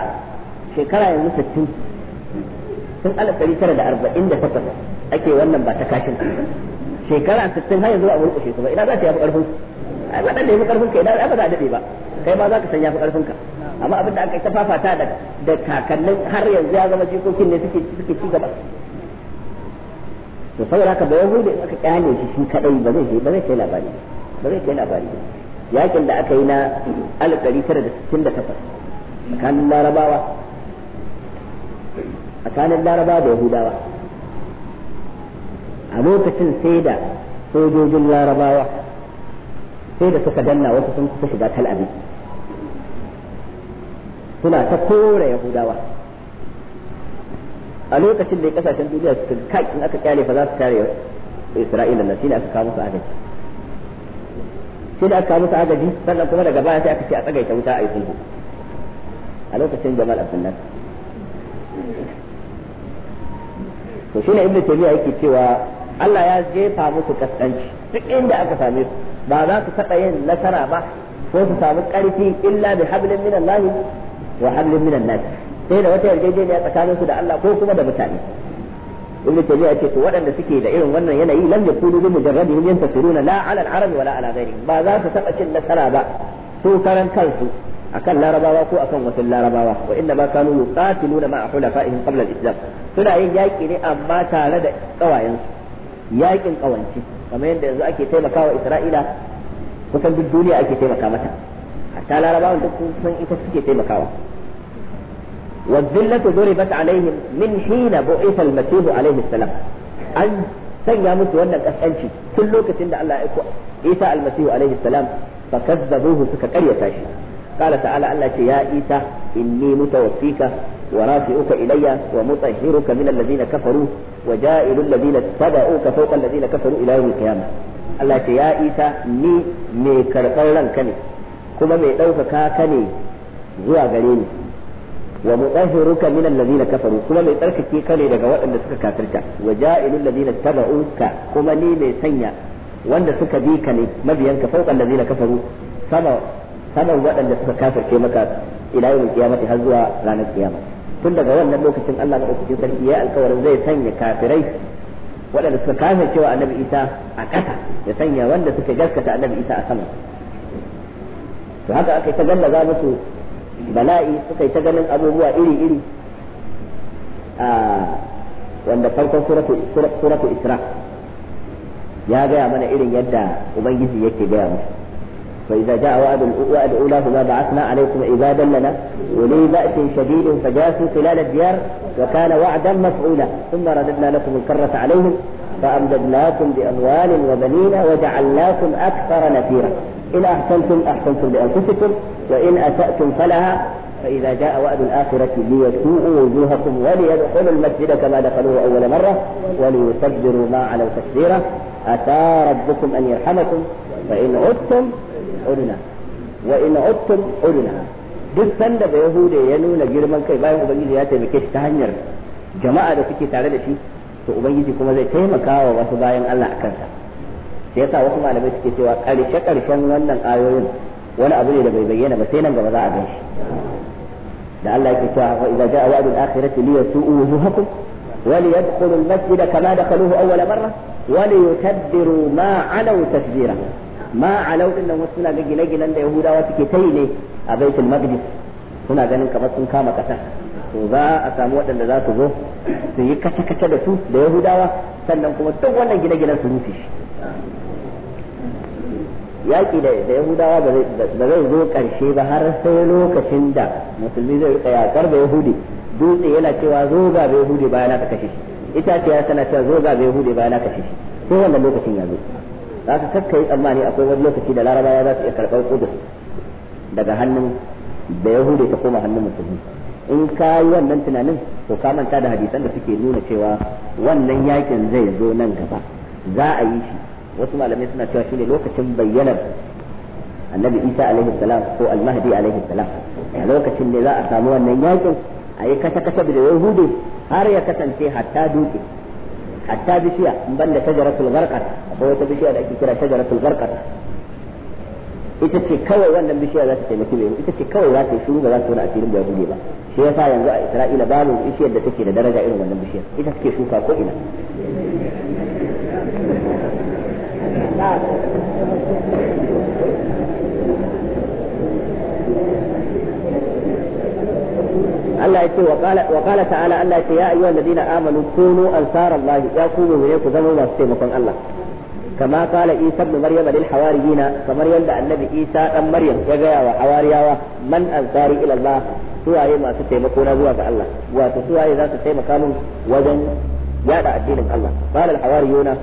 shekara yanzu sittin tun alif ɗari tara da arba'in da takwas ake wannan ba ta kashin shekara sittin har yanzu a wurin su ba ina za ta yafi ƙarfin ku waɗanda ya fi karfin ka idan ba za a daɗe ba kai ma za ka san ya fi karfin ka amma abin da aka ta fafata da da kakannin har yanzu ya zama jikokin ne suke suke ci gaba to saboda haka ba yahudi aka kyale shi shi kadai ba zai ba zai kai labari ba zai kai labari yakin da aka yi na tara da da takwas tsakanin larabawa tsakanin larabawa da yahudawa a lokacin sai da sojojin larabawa sai da suka danna wasu sun kusa shiga kal'abi suna ta kore yahudawa a lokacin da kasashen duniya suka kai in aka kyale fa za su kare isra'ila na shi ne aka kawo musu agaji shi da aka kawo musu agaji sannan kuma daga baya sai aka ce a tsagaita wuta a yi sulhu a lokacin jamal abdullah to shine ibn taymiya yake cewa Allah ya jefa musu kaskanci duk inda aka same su ba za su taɓa yin nasara ba ko su samu ƙarfi illa bi hablin min Allah wa hablin min an-nas sai da wata yarjejeniya tsakanin su da Allah ko kuma da mutane ibn tabi'a ce to waɗanda suke da irin wannan yanayi lam yakunu bi mujarradihim yantasiruna la ala al-arab wa la ala ba za su taɓa cin nasara ba su karan kansu akan larabawa ko akan wasu larabawa wa inna ma kanu yuqatiluna ma'a hulafaihim qabla al-islam suna yin yaki ne amma tare da ƙawayensu yakin kawanci kamar yadda yanzu ake taimakawa isra'ila kusan duk duniya ake taimaka mata hatta larabawan duk sun ita suke taimakawa والذلة ضربت min من حين بعث المسيح عليه salam an sanya musu wannan kaskanci tun lokacin da Allah ya aiko Isa almasihu alaihi salam fa kazzabuhu suka karyata shi qala ta'ala Allah ce ya Isa inni mutawaffika ورافعك إلي ومطهرك من الذين كفروا وجائل الذين اتبعوك فوق الذين كفروا إلى يوم القيامة Allah ce ya isa ni mai karɓar ranka kuma mai ɗaukaka ka zuwa gare ni wa mutahhiruka min allazina kafaru kuma mai tsarkake ka daga waɗanda suka kafirta wa ja'ilul ladina tabauka kuma ni mai sanya wanda suka bi ka ne mabiyanka fawqa kafaru sama waɗanda suka kafirce maka ila har zuwa ranar kiyama tun daga wannan lokacin Allah ofishin sarki ya alkawarin zai sanya kafirai waɗanda suka kafe cewa annabi Isa a ƙasa ya sanya wanda suka gaskata annabi Isa a sama to haka aka ta gallaza musu bala'i suka yi ta ganin abubuwa iri-iri a wanda farkon suratu isra ya gaya mana irin yadda ubangiji yake gaya musu فإذا جاء وعد الأولى فما بعثنا عليكم عبادا لنا ولي بأس شديد فجاسوا خلال الديار وكان وعدا مفعولا ثم رددنا لكم الكرة عليهم فأمددناكم بأموال وبنين وجعلناكم أكثر نفيرا إن أحسنتم أحسنتم لأنفسكم وإن أسأتم فلها فإذا جاء وعد الآخرة ليسوءوا وجوهكم وليدخلوا المسجد كما دخلوه أول مرة وليصبروا ما علوا تكبيرة أتى ربكم أن يرحمكم فإن عدتم udna wa in uttum duk sanda ba yahude ya nuna girman kai bayan ubangiji ya taimake shi ta hanyar jama'a da suke tare da shi to ubangiji kuma zai taimaka wa wasu bayan Allah a kansa sai yasa wasu malamai suke cewa karshe karshen wannan ayoyin wani abu ne da bai bayyana ba sai nan gaba za a gan da Allah yake cewa wa idza jaa wa'du al-akhirati li wujuhakum wa li al-masjida kama dakhaluhu awwala marra wa li ma 'alaw tasdira ma a din nan wasu suna ga gine-ginen da yahudawa suke ta yi ne a baitul maqdis suna ganin kamar sun kama kasar to za a samu waɗanda za su zo su yi kace-kace da su da yahudawa sannan kuma duk wannan gine-ginen su rufe shi yaƙi da yahudawa ba zai zo ƙarshe ba har sai lokacin da musulmi zai rika yaƙar da yahudi dutse yana cewa zo ga bai yahudi bayan ta kashe shi itaciya tana cewa zo ga bai yahudi bayan aka kashe shi sai wannan lokacin ya zo haka kakka yi tsammani akwai wani lokaci da larabawa za su iya karɓar kudur daga hannun da yahudu ta koma hannun musulmi in ka yi wannan tunanin to ka manta da hadisan da suke nuna cewa wannan yakin zai zo nan gaba za a yi shi wasu malamai suna cewa shine lokacin bayyanar annabi isa alaihi salam ko almahdi alaihi salam a lokacin ne za a samu wannan yakin a yi kasa kasa da yahudu har ya kasance hatta duke hatta bishiya in banda shajaratul gharqat ko wata bishiya da ake kira shajaratul gharqat ita ce kawai wannan bishiya za ta taimaki mai ita ce kawai za ta yi shiru ba za ta wani asirin da ya ba shi yasa yanzu a Isra'ila babu bishiyar da take da daraja irin wannan bishiyar ita take shuka ko ina Allah ya ce wa qala ta'ala Allah ya ce ya ayyuhal ladina amanu kunu ansarallahi ya ku mu'mine ku zama masu taimakon Allah kama qala Isa ibn Maryam lil hawariyina kamar yadda annabi Isa dan Maryam ya ga wa hawariyawa man ansari ila Allah suwaye masu taimako na zuwa ga Allah wato suwaye za su taimaka mun wajen yada addinin Allah qala al hawariyuna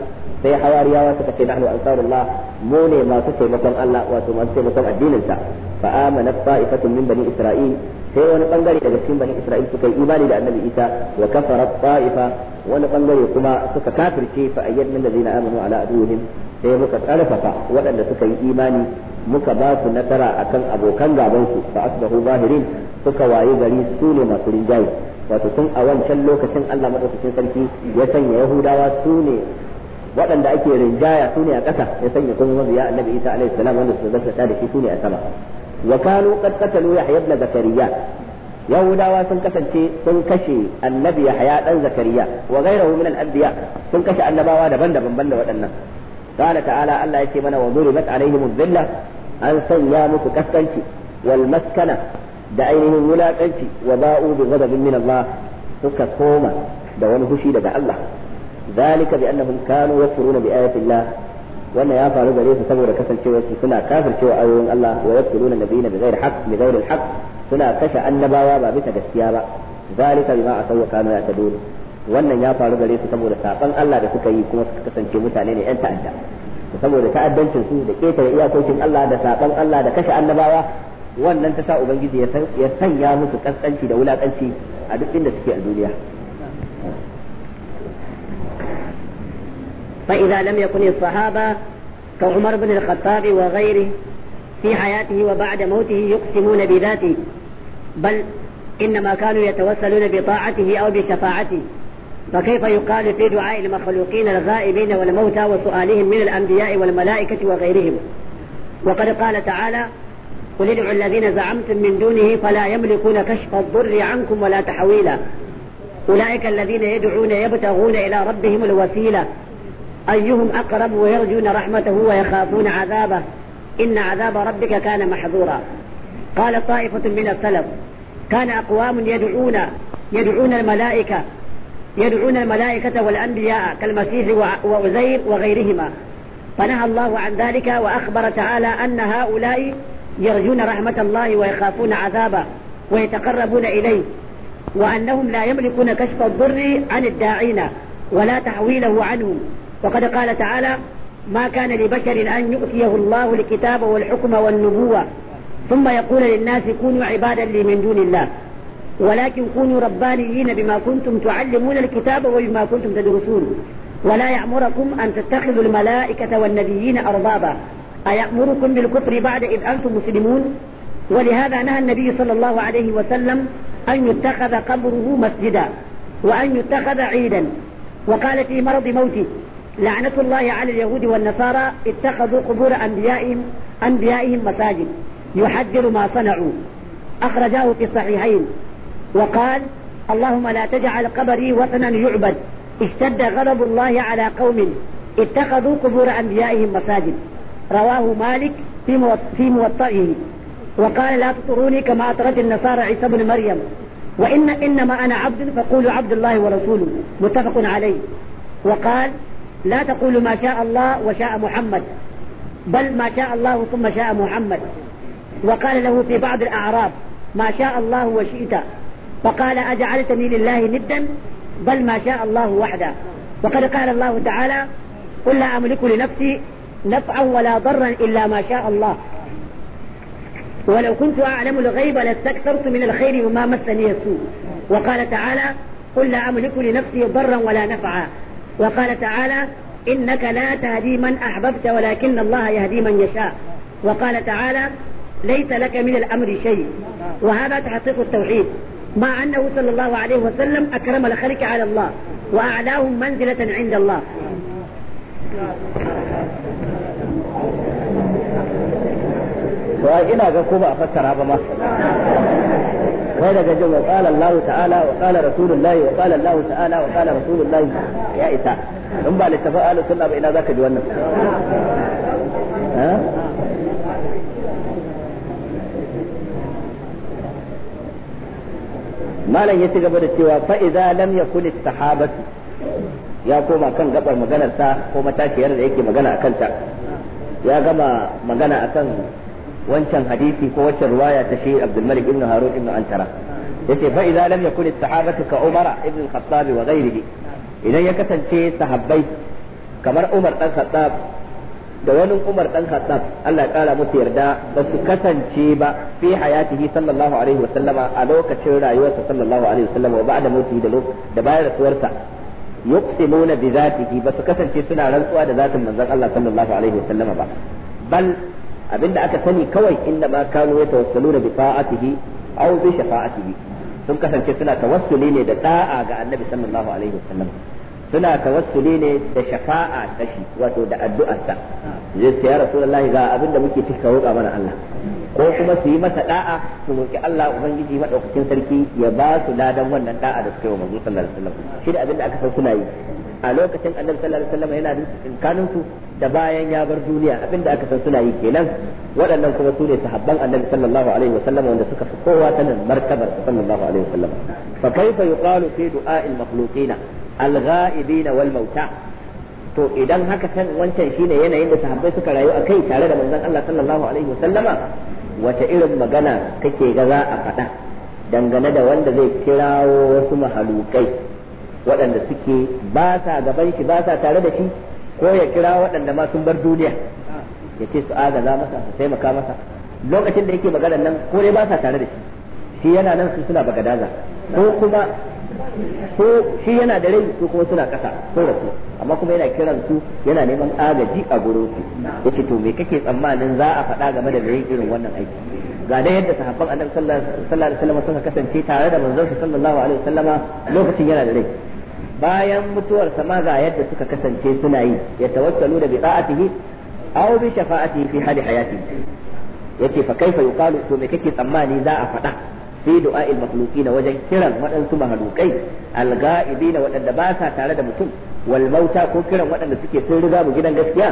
sai hawariyawa suka ce nahnu ansarullah mu ne masu taimakon Allah wato masu taimakon addinin sa fa amana ta'ifatun min bani isra'il sai wani bangare daga cikin bani isra'il suka yi imani da annabi isa wa kafara ta'ifa wani bangare kuma suka kafirce fa ayyadna allazina amanu ala aduwwihim sai muka karfafa waɗanda suka yi imani muka ba su nasara akan abokan gaban su fa asbahu zahirin suka waye gari su ne masu rinjaye wato tun a wancan lokacin Allah madaukakin sarki ya sanya yahudawa su ne waɗanda ake rinjaya su ne a ƙasa ya sanya kuma mabiya annabi isa alaihi salam wanda su zaka da shi su ne a sama وكانوا قد قتلوا يحيى بن زكريا يهودا واسن كسن سن كشي النبي يحيى بن زكريا وغيره من الأنبياء سن كشي أن باوا دبن دبن بن ودن قال تعالى الله يكيمنا وظلمت عليهم الذلة أن سيامك كسن والمسكنة دعينه الملاقين وباؤوا بغضب من الله فكتوما دون هشي لدى الله ذلك بأنهم كانوا يكفرون بآية الله wannan ya faru gare su saboda kasancewar su suna kafircewa ayoyin Allah wa yaqtuluna nabiyina bighairi haqq bighairi alhaq suna kashe annabawa ba bisa gaskiya ba zalika bima asaw kanu yatadun wannan ya faru gare su saboda saban Allah da suka yi kuma suka kasance mutane ne yan ta'adda saboda ta'addancin su da ketare iyakokin Allah da saban Allah da kashe annabawa wannan ta sa ubangiji ya sanya musu kaskanci da wulakanci a duk inda suke a duniya فإذا لم يكن الصحابة كعمر بن الخطاب وغيره في حياته وبعد موته يقسمون بذاته بل إنما كانوا يتوسلون بطاعته أو بشفاعته فكيف يقال في دعاء المخلوقين الغائبين والموتى وسؤالهم من الأنبياء والملائكة وغيرهم وقد قال تعالى قل ادعوا الذين زعمتم من دونه فلا يملكون كشف الضر عنكم ولا تحويلا أولئك الذين يدعون يبتغون إلى ربهم الوسيلة أيهم أقرب ويرجون رحمته ويخافون عذابه إن عذاب ربك كان محظورا قال طائفة من السلف كان أقوام يدعون يدعون الملائكة يدعون الملائكة والأنبياء كالمسيح وأزير وغيرهما فنهى الله عن ذلك وأخبر تعالى أن هؤلاء يرجون رحمة الله ويخافون عذابه ويتقربون إليه وأنهم لا يملكون كشف الضر عن الداعين ولا تحويله عنهم وقد قال تعالى ما كان لبشر أن يؤتيه الله الكتاب والحكم والنبوة ثم يقول للناس كونوا عبادا لي من دون الله ولكن كونوا ربانيين بما كنتم تعلمون الكتاب وبما كنتم تدرسون ولا يأمركم أن تتخذوا الملائكة والنبيين أربابا أيأمركم بالكفر بعد إذ أنتم مسلمون ولهذا نهى النبي صلى الله عليه وسلم أن يتخذ قبره مسجدا وأن يتخذ عيدا وقال في مرض موته لعنة الله على اليهود والنصارى اتخذوا قبور أنبيائهم, أنبيائهم مساجد يحذر ما صنعوا أخرجاه في الصحيحين وقال اللهم لا تجعل قبري وطنا يعبد اشتد غضب الله على قوم اتخذوا قبور أنبيائهم مساجد رواه مالك في موطئه وقال لا تطروني كما أطرت النصارى عيسى بن مريم وإن إنما أنا عبد فقولوا عبد الله ورسوله متفق عليه وقال لا تقول ما شاء الله وشاء محمد بل ما شاء الله ثم شاء محمد وقال له في بعض الأعراب ما شاء الله وشئت فقال أجعلتني لله ندا بل ما شاء الله وحده وقد قال الله تعالى قل لا أملك لنفسي نفعا ولا ضرا إلا ما شاء الله ولو كنت أعلم الغيب لاستكثرت من الخير وما مسني السوء وقال تعالى قل لا أملك لنفسي ضرا ولا نفعا وقال تعالى إنك لا تهدي من أحببت ولكن الله يهدي من يشاء وقال تعالى ليس لك من الأمر شيء وهذا تحقيق التوحيد مع أنه صلى الله عليه وسلم أكرم الخلق على الله وأعلاهم منزلة عند الله وإنا ga ko ba a wai daga jin wa qala Allah ta'ala wa qala rasulullahi wa qala Allah ta'ala wa qala rasulullahi ya isa in ba littafa ahlus sunna ina zaka ji wannan malam ya ci gaba da cewa fa idza lam yakun sahabatu ya koma kan gabar maganar sa ko matashiyar da yake magana akan ya gama magana akan wancan hadisi ko wancan riwaya ta shi Abdul Malik ibn Harun ibn Antara yace fa idza lam yakun as-sahabatu ka Umar ibn al-Khattab wa ghayrihi idan ya kasance sahabbai kamar Umar dan Khattab da wani Umar dan Khattab Allah ya kara musu yarda ba su kasance ba fi hayatihi sallallahu alaihi wa sallama a lokacin rayuwarsa sallallahu alaihi wa sallama wa ba'da mauti da da bayan rasuwarsa yuqsimuna bi zatihi ba su kasance suna rantsuwa da zatin manzon Allah sallallahu alaihi wa sallama ba bal abinda aka sani kawai inda ma kanu ya tawassalu da bifa'atihi aw bi shafa'atihi sun kasance suna tawassuli ne da da'a ga annabi sallallahu alaihi wasallam suna tawassuli ne da shafa'a ta shi wato da addu'arsa zai ce ya rasulullahi ga abinda muke cika roƙa mana Allah ko kuma su yi mata da'a su roƙi Allah ubangiji madaukakin sarki ya ba su ladan wannan da'a da suka yi wa manzo sallallahu alaihi wasallam shi da abinda aka san suna yi a lokacin annabi sallallahu alaihi wasallam yana tsinkanin su da bayan ya bar duniya abinda aka san suna yi kenan waɗannan kuma su ne sahabban annabi sallallahu alaihi wasallam wanda suka fi kowa sanin martabar sallallahu alaihi wasallam fa kaifa yuqalu fi du'a'il makhluqina al-ghaibina wal mauta to idan haka san wancan shine yanayin da sahabbai suka rayu a kai tare da manzon Allah sallallahu alaihi wasallama wata irin magana kake ga za a faɗa dangane da wanda zai kirawo wasu mahalukai waɗanda suke ba sa gaban shi ba sa tare da shi ko ya kira waɗanda ma sun bar duniya ya ce su agaza masa su taimaka masa lokacin da yake magana nan ko dai ba sa tare da shi shi yana nan su suna bagadaza ko kuma ko shi yana da rai su kuma suna ƙasa da su amma kuma yana kiran su yana neman agaji a gurin su yace to me kake tsammanin za a faɗa game da rai irin wannan aiki ga dai yadda sahabban annabi sallallahu alaihi wasallam suka kasance tare da manzon sallallahu alaihi wasallama lokacin yana da rai bayan mutuwar sama ga yadda suka kasance suna yi ya tawassalu da bi'atihi aw bi shafa'atihi fi hali hayati yace fa kaifa yuqalu to me kake tsammani za a faɗa fi du'a'il makhluqina wajen kiran waɗansu mahalukai na waɗanda ba sa tare da mutum wal mauta ko kiran waɗanda suke sun riga mu gidan gaskiya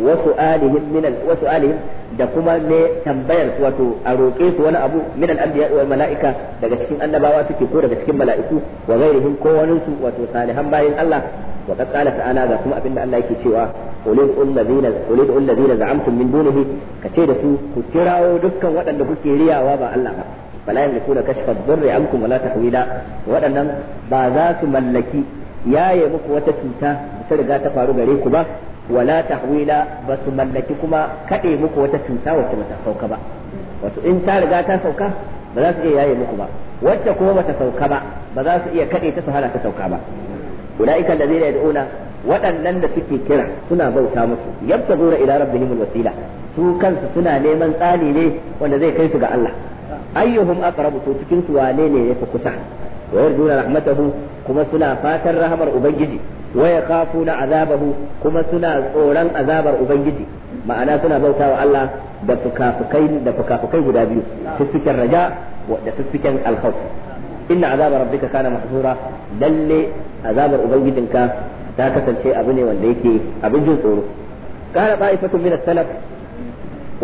وسؤالهم من ال... وسؤالهم da kuma ne tambayar wato a su wani abu min al-anbiya wal mala'ika daga cikin annabawa suke ko daga cikin mala'iku wa ghairihim ko wani wato salihan bayin Allah wa qad qala ta'ala ga abinda Allah yake cewa ulil allazina ulil allazina min dunihi kace da su ku kirawo dukkan waɗanda kuke riyawa ba Allah ba fala yamlikuna kashfa wala ba za su mallaki yaye muku wata cuta ta riga ta faru gare ku ba wala tahwila basu mallaki kuma kaɗe muku wata cuta wacce bata sauka ba wato in ta riga ta sauka ba za su iya yaye muku ba wacce kuma bata sauka ba ba za su iya kaɗe ta su hana ta sauka ba ulaika allazina yad'una waɗannan da suke kira suna bauta musu yabtaguna ila rabbihimul wasila su kansu suna neman tsani ne wanda zai kai su ga Allah ayyuhum aqrabu cikinsu wane ne yafi kusa wa yarduna rahmatahu kuma suna fatan rahamar ubangiji wa yakhafuna azabahu kuma suna tsoron azabar ubangiji ma'ana suna bautawa Allah da fukafukai da guda biyu fiffiken raja da fiffiken alkhawf inna azabar rabbika kana mahzura lalle azabar ka ta kasance abu ne wanda yake abin jin tsoro kana ba'ifatun min as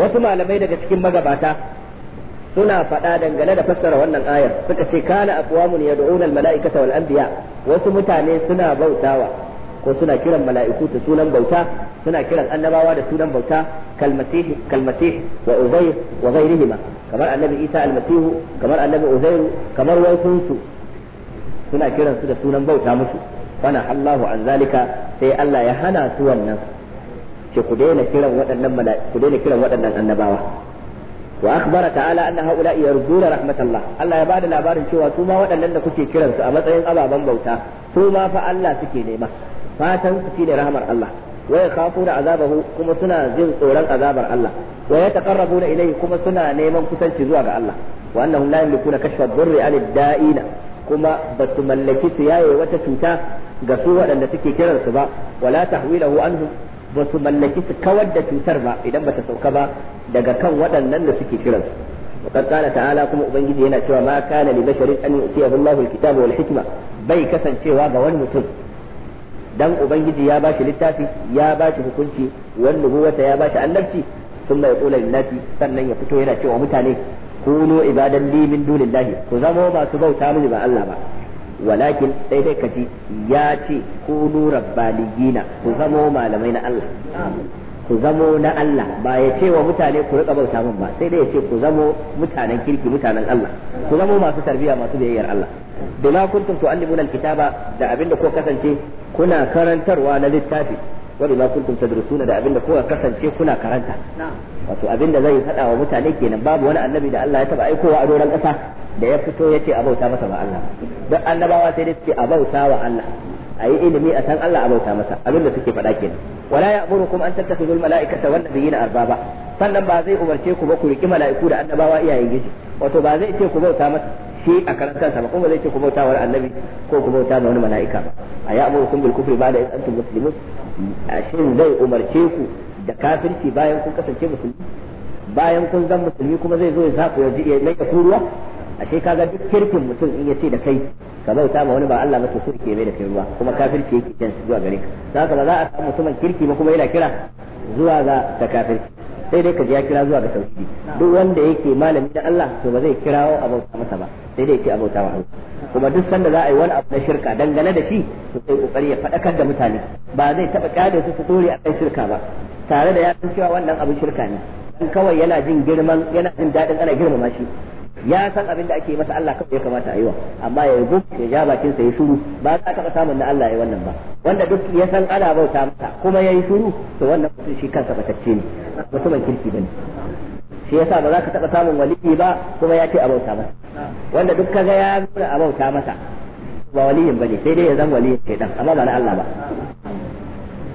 wasu malamai daga cikin magabata suna faɗa dangane da fassara wannan ayar suka ce kana aqwamun yad'una al-mala'ikata wal anbiya wasu mutane suna bautawa ko suna kiran mala'iku da sunan bauta suna kiran annabawa da sunan bauta kalmasih kalmasih wa uzayr wa ghayrihima kamar annabi isa almasihu kamar annabi uzairu kamar wasunsu suna kiran su da sunan bauta musu wana Allahu an zalika sai Allah ya hana su wannan ce ku daina kiran waɗannan mala'iku ku daina kiran waɗannan annabawa واخبر تعالى ان هؤلاء يرجون رحمه الله allah ya ba da labarin cewa su ma kuke kiransu a matsayin ababen bauta su ma fa Allah suke nema fatan su ne rahmar Allah wa yakhafuna azabahu kuma suna jin tsoron azabar Allah wa yataqarrabuna ilayhi kuma suna neman kusanci zuwa ga Allah wa annahum la yamlikuna kashfa dhurri 'ala da'ina kuma ba su mallaki su yaye wata cuta ga su waɗanda suke kiransu ba wala hu anhu. ba su mallaki su kawar da cutar ba idan bata sauka ba daga kan waɗannan da suke kiransu kuma ubangiji yana cewa ma هنا سوى ما كان لبشر أن يؤتيه الله الكتاب hikima bai kasancewa ga wani mutum dan ubangiji ya bashi littafi ya bashi hukunci wan nubuwata ya bashi annabci sun yaqulu lin-nasi sannan ya fito yana cewa mutane kunu ibadan li min dunillahi ku zama masu bauta mini ba Allah ba walakin sai dai ya ce kunu rabbaniyina ku zamo malamai na Allah ku zamo na Allah ba ya ce wa mutane ku rika bauta min ba sai dai ya ce ku zamo mutanen kirki mutanen Allah ku zamo masu tarbiyya masu biyayyar Allah bima kuntum tu'allimuna alkitaba da abinda ko kasance kuna karantarwa na littafi wa bima kuntum tadrusuna da abinda kowa kasance kuna karanta wato abinda zai faɗa wa mutane kenan babu wani annabi da Allah ya taba aikowa a doron ƙasa da ya fito ya a bauta masa ba Allah annabawa sai da suke a bauta wa Allah ayi ilimi a san Allah a bauta masa abinda suke faɗa kenan wala ya kuma an tattakhidul mala'ikata wan nabiyina arbaba sannan ba zai umarce ku ba ku riki mala'iku da annabawa iyayen giji wato ba zai ce ku bauta masa shi a karan kansa kuma zai ce ku bauta wa annabi ko ku bauta da wani mala'ika ba a ya amuru bil kufri ba da in antum muslimun shin zai umarce ku da kafirci bayan kun kasance musulmi bayan kun zan musulmi kuma zai zo ya zaku ya ji mai da ruwa ashe kaga duk kirkin mutum in ya ce da kai ka bauta ma wani ba Allah ba to so ke mai da kai ruwa kuma kafirci yake kan zuwa gare ka zaka ba za a samu mutumin kirki ba kuma yana kira zuwa ga ta kafirci sai dai ka ji ya kira zuwa ga tauhidi duk wanda yake malami da Allah to ba zai kirawo abauta masa ba sai dai ya ce abauta wa Allah kuma duk sanda za a yi wani abu na shirka dangane da shi to sai kokari ya fadakar da mutane ba zai taba kyale su su dore akan shirka ba tare da ya san cewa wannan abin shirka ne kawai yana jin girman yana jin dadin ana girmama shi ya san abin da ake masa Allah kawai ya kamata a yi wa amma ya rubu ya ja bakin sa ya shuru ba za ka samun na Allah ya wannan ba wanda duk ya san ana bauta masa kuma ya yi shuru to wannan mutum shi kansa batacce ne mutumin kirki bane shi yasa ba za ka taba samun waliyi ba kuma ya ce a bauta masa wanda duk kaga ya nuna a bauta masa ba waliyin bane sai dai ya zama waliyin shaidan amma ba na Allah ba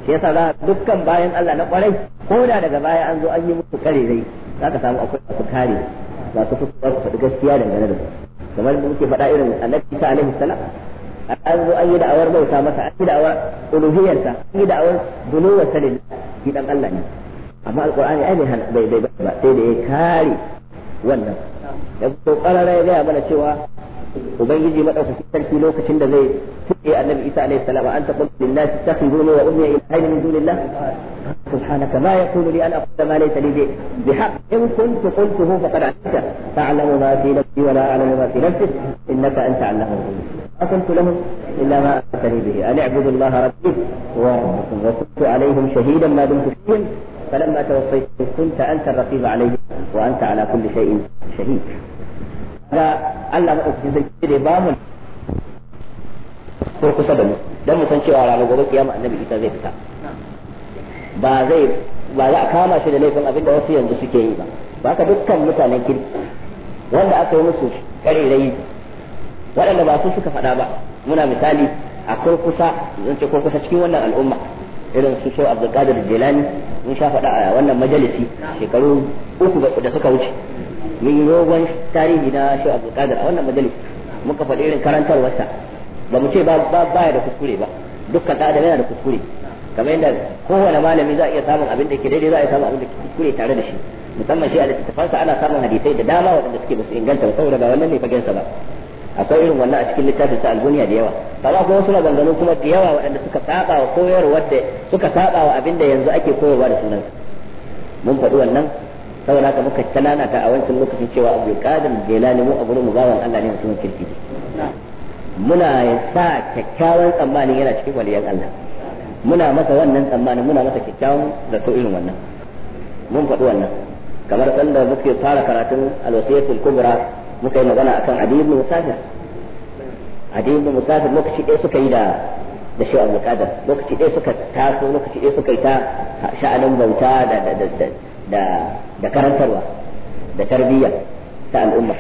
shi yasa za dukkan bayan Allah na kwarai ko da daga baya an zo an yi musu kare zai za ka samu akwai su kare masu kuskure su faɗi gaskiya dangane da su kamar da muke faɗa irin annabi Isa alaihi salam an zo an yi da'awar bauta masa an yi da'awar uluhiyarsa an yi da'awar buluwar salin shi dan Allah ne amma alqur'ani ai bai bai bai ba sai da ya kare wannan da ko karara ya gaya mana cewa ubangiji madaukakin sarki lokacin da zai fice annabi isa alaihi salam an taqul lin nas takhuduni wa ummi ilahin min dunillah سبحانك ما يكون لي ان اقول ما ليس لي به بحق ان كنت قلته فقد علمته تعلم ما في نفسي ولا اعلم ما في نفسك انك انت علام الغيوب أكنت لهم إلا ما أتني به أن اعبدوا الله ربي وربكم وكنت عليهم شهيدا ما دمت فيهم فلما توفيت كنت أنت الرقيب عليهم وأنت على كل شيء شهيد هذا Allah madaukakin sarki da ba mu ko kusa da mu dan mu san cewa rana gobe kiyama annabi isa zai fita ba zai ba za a kama shi da laifin abin da wasu yanzu suke yi ba ba ka dukkan mutanen kirki wanda aka yi musu rai waɗanda ba su suka faɗa ba muna misali a kurkusa zan ce kurkusa cikin wannan al'umma irin su so abdulkadir jelani mun sha faɗa a wannan majalisi shekaru uku da suka wuce mun yi rogon tarihi na shi a kadar a wannan majalis muka faɗi irin karantarwarsa ba mu ce ba ya da kuskure ba dukkan ɗan adam yana da kuskure kamar yadda kowane malami za a iya samun abin da ke daidai za a iya samun abin da ke kuskure tare da shi musamman shi a littattafansa ana samun hadisai da dama waɗanda suke basu inganta ba saboda ba wannan ne fagensa ba akwai irin wannan a cikin littafin sa alguniya da yawa amma kuma suna ganganu kuma da yawa waɗanda suka saba wa koyarwa da suka saba wa abin da yanzu ake koyarwa da sunan mun faɗi wannan saboda haka muka talalata a wancan lokacin cewa abu kadir jelani mu abu mu bawan Allah ne mutumin kirki muna sa kyakkyawan tsammanin yana cikin waliyan Allah muna masa wannan tsammanin muna masa kyakkyawan da to irin wannan mun faɗi wannan kamar sanda muke fara karatun alwasiyatul kubra muka yi magana akan adi musafir adi musafir lokaci ɗaya suka yi da da shi abdul qadir lokaci ɗaya suka taso lokaci ɗaya suka yi ta sha'anin bauta da da da da karantarwa da tarbiyya ta al'umma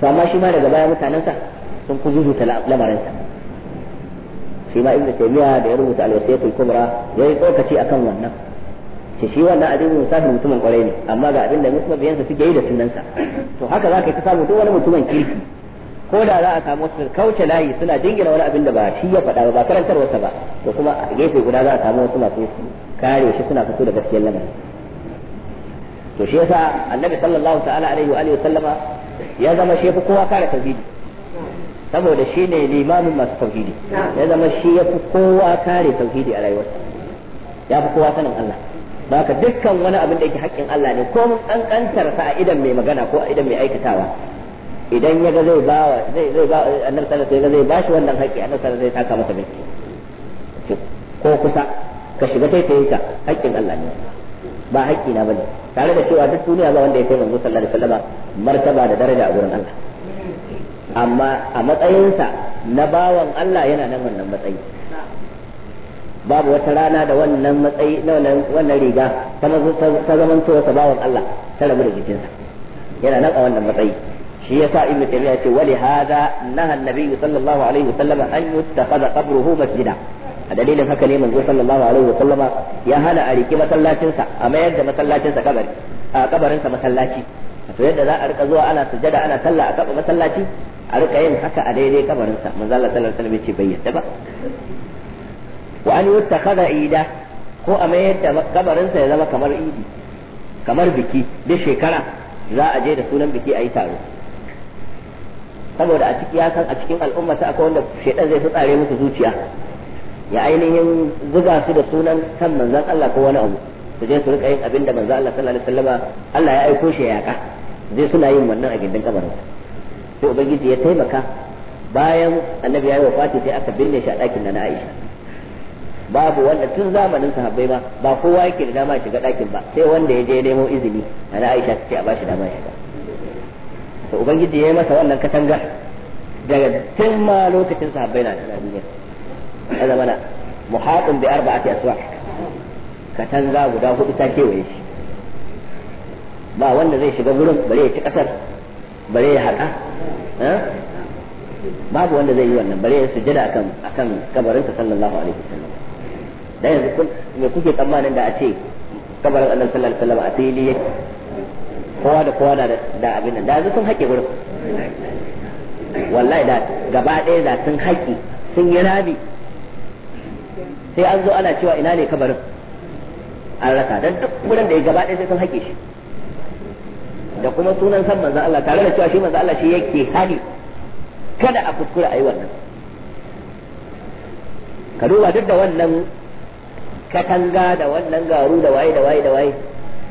to amma shi ma daga baya mutanensa sun kuzuzuta lamarinsa shi ma ibnu taymiya da ya rubuta al al kubra yayi tsokaci akan wannan ce shi wannan abin musafir mutumin kwarai ne amma ga abin da sa suke yi da sunansa to haka za ka samu duk wani mutumin kirki ko da za a samu su kauce layi suna jingina wani abin da ba shi ya faɗa ba ba karantarwarsa ba to kuma a gefe guda za a samu wasu masu kare shi suna fito da gaskiyar lamarin to shi yasa annabi sallallahu ta'ala alaihi wa sallama ya zama shi fi kowa kare tauhidi saboda shi ne limamin masu tauhidi ya zama shi ya fi kowa kare tauhidi a rayuwarsa ya fi kowa sanin Allah baka dukkan wani abin da yake haƙƙin Allah ne ko mun kankantar sa a idan mai magana ko a idan mai aikatawa idan ya ga zai ba zai zai ba annabi sallallahu alaihi zai bashi wannan haƙƙi annabi sallallahu alaihi zai taka masa miki ko kusa ka shiga kai kai haƙƙin Allah ne ba haƙƙi na bane tare da cewa duk duniya ba wanda ya kai manzo sallallahu alaihi wasallam martaba da daraja a gurin Allah amma a matsayinsa na bawan Allah yana nan wannan matsayi babu wata rana da wannan matsayi na wannan riga ta zamanto wasa bawan Allah ta rabu da jikinsa yana nan a wannan matsayi shi yasa ibnu taymiya ce wali hada naha annabi sallallahu alaihi wasallam an yuttakhadha qabruhu masjida a dalilin haka ne manzo sallallahu alaihi wa sallama ya hana a riki masallacinsa a mayar da masallacinsa kabari a kabarinsa masallaci to yadda za a rika zuwa ana sujada ana sallah a kabarin masallaci a rika yin haka a daidai kabarinsa manzo Allah sallallahu alaihi wasallam yace bai yadda ba wa an yuttakhadha ida ko a mayar da kabarinsa ya zama kamar idi kamar biki da shekara za a je da sunan biki a yi taro saboda a ciki ya san a cikin al'umma ta akwai wanda shedan zai tsare musu zuciya ya ainihin buga su da sunan kan manzan Allah ko wani abu su je su rika yin abin da manzan Allah sallallahu alaihi sallama Allah ya aiko shi ya yaka zai suna yin wannan a gindin kabarin sai ubangiji ya taimaka bayan annabi ya yi wafati sai aka binne shi a ɗakin na Aisha babu wanda tun zamanin sahabbai ba ba kowa yake da dama shiga ɗakin ba sai wanda ya je nemo izini a na Aisha ta ce a bashi dama shiga to ubangiji ya yi masa wannan katanga daga tun ma lokacin sahabbai na da ya zama na muhaɗin bi arba'ati aswa katanga guda hudu ta kewaye shi ba wanda zai shiga gurin bare ya ci kasar bare ya haɗa babu wanda zai yi wannan bare ya sujjada akan akan kabarinsa sallallahu alaihi wasallam dan yanzu kun me kuke tsammanin da a ce kabarin annabi sallallahu alaihi wasallam a fili kowa da kowa da abin nan da yanzu sun haƙe gurin wallahi da gaba ɗaya da sun haƙe sun yi rabi sai an zo ana cewa ina ne kabarin an rasa dan duk wurin da ya gaba ɗaya sai sun haƙe shi da kuma sunan san manzan Allah tare da cewa shi manzan Allah shi yake hari kada a kuskura a yi wannan ka duba duk da wannan katanga da wannan garu da waye da waye da waye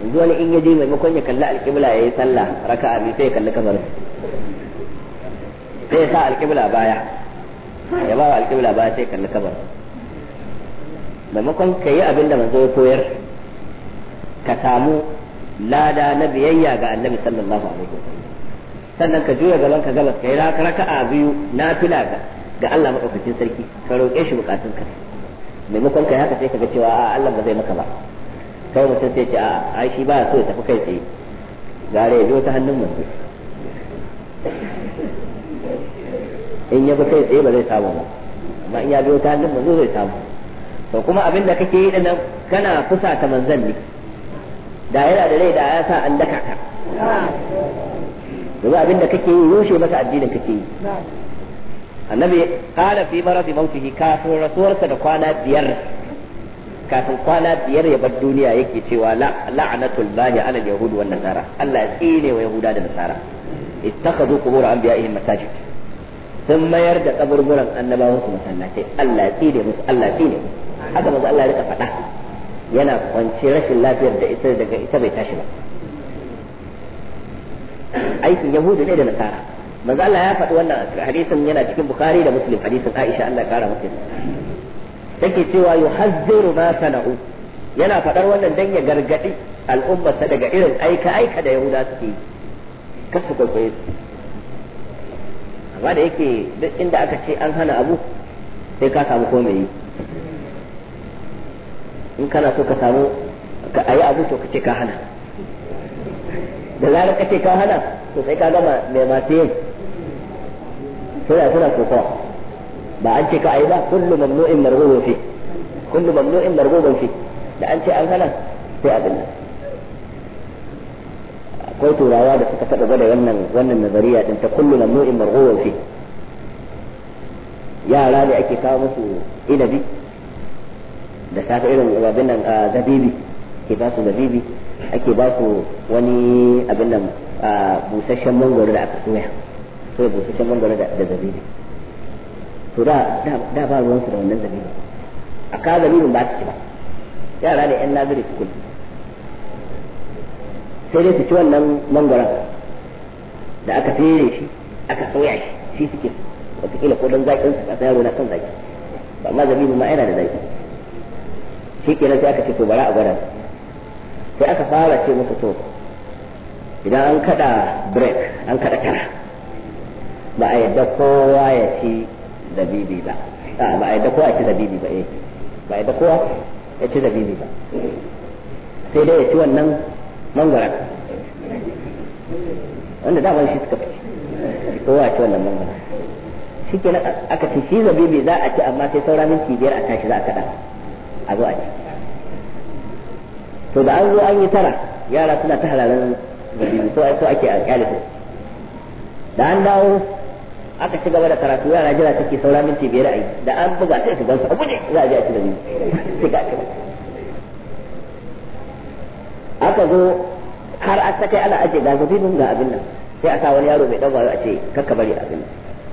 yanzu wani in ya je maimakon ya kalli alƙibla ya yi sallah raka'a biyu sai ya kalli kabarin sai ya sa alƙibla baya ya ba wa alƙibla baya sai ya kalli kabarin maimakon ka yi abin da manzo ya koyar ka samu lada na biyayya ga annabi sallallahu alaihi wasallam sannan ka juya gaban ka galas kai raka'a biyu na fila ga ga Allah madaukakin sarki ka roƙe shi bukatun ka maimakon kai haka sai ka ga cewa a Allah ba zai maka ba kai mutum sai ce a ai shi ba so ya tafi kai tsaye gare ya biyo ta hannun manzo in ya bi kai tsaye ba zai samu ba amma in ya biyo ta hannun manzo zai samu to kuma abin da kake yi dinnan kana kusa ta manzan ne da yana da rai da ya sa an daka ka yanzu abin da kake yi rushe masa addinin kake yi annabi kana fi maradi mautihi kafin rasuwarsa da kwana biyar kafin kwana biyar ya bar duniya yake cewa la'anatul bani ala yahud wan nasara Allah ya tsine wa yahuda da nasara ittakhadhu qubur anbiya'ihim masajid sun mayar da kaburburan annabawan su masallatai Allah ya tsine musu Allah ya tsine musu haka maza Allah rika faɗa yana kwance rashin lafiyar da ita daga ita bai tashi ba aikin yahudu ne da nasara maza Allah ya faɗi wannan hadisin yana cikin bukari da muslim hadisin aisha Allah kara masa take cewa yuhazziru ma sana'u yana faɗar wannan dan ya gargadi al'ummarsa daga irin aika aika da yahuda suke kasu kwaikwaye su amma da yake duk inda aka ce an hana abu sai ka samu komai in kana so ka samu ka ayi abu to kace ka hana da zarar kace ka hana to sai ka gama mai masu yin suna suna kokawa ba an ce ka ayi ba kullu mamnu'in marghubun fi kullu mamnu'in marghubun fi da an ce an hana sai abin nan akwai turawa da suka taɓa gwada wannan wannan nazariya din ta kullu mamnu'in marghubun fi yara ne ake kawo musu inabi da safe irin abin nan a ah, zabibi ke ba su zabibi ake ba su wani abin nan a ah, busasshen mangoro da aka soya so da busasshen mangoro da zabibi to da da ba ruwan su da wannan zabibi a ka zabibin ba su ci ba yara ne yan nazari su kulli sai dai su ci wannan mangoro da aka fere shi aka soya shi shi suke wataƙila ko don zaƙin su ka yaro na kan zaƙi ba ma zabibin ma yana da zaƙi shi kenan sai aka ce to bara a gwada sai aka fara ce musu to idan an kada break an kada tara ba a yadda kowa ya ci bibi ba ba a yadda kowa ya ci bibi ba eh ba a yadda kowa ya ci bibi ba sai dai ya ci wannan mangwaran wanda daman shi suka fi kowa ya ci wannan mangwaran shi kenan aka ci shi zabibi za a ci amma sai saura minti biyar a tashi za a kada a zo a ci to da an zo an yi tara yara suna ta halalan zabibu so so ake a kyale da an dawo aka ci gaba da karatu yara jira take saura minti biyar a yi da an buga sai su gansu a guje za a je a ci zabibu sai ga aka zo har a sakai ana aje ga zabibin ga abin nan sai a sa wani yaro mai dan a ce kakka bari abin nan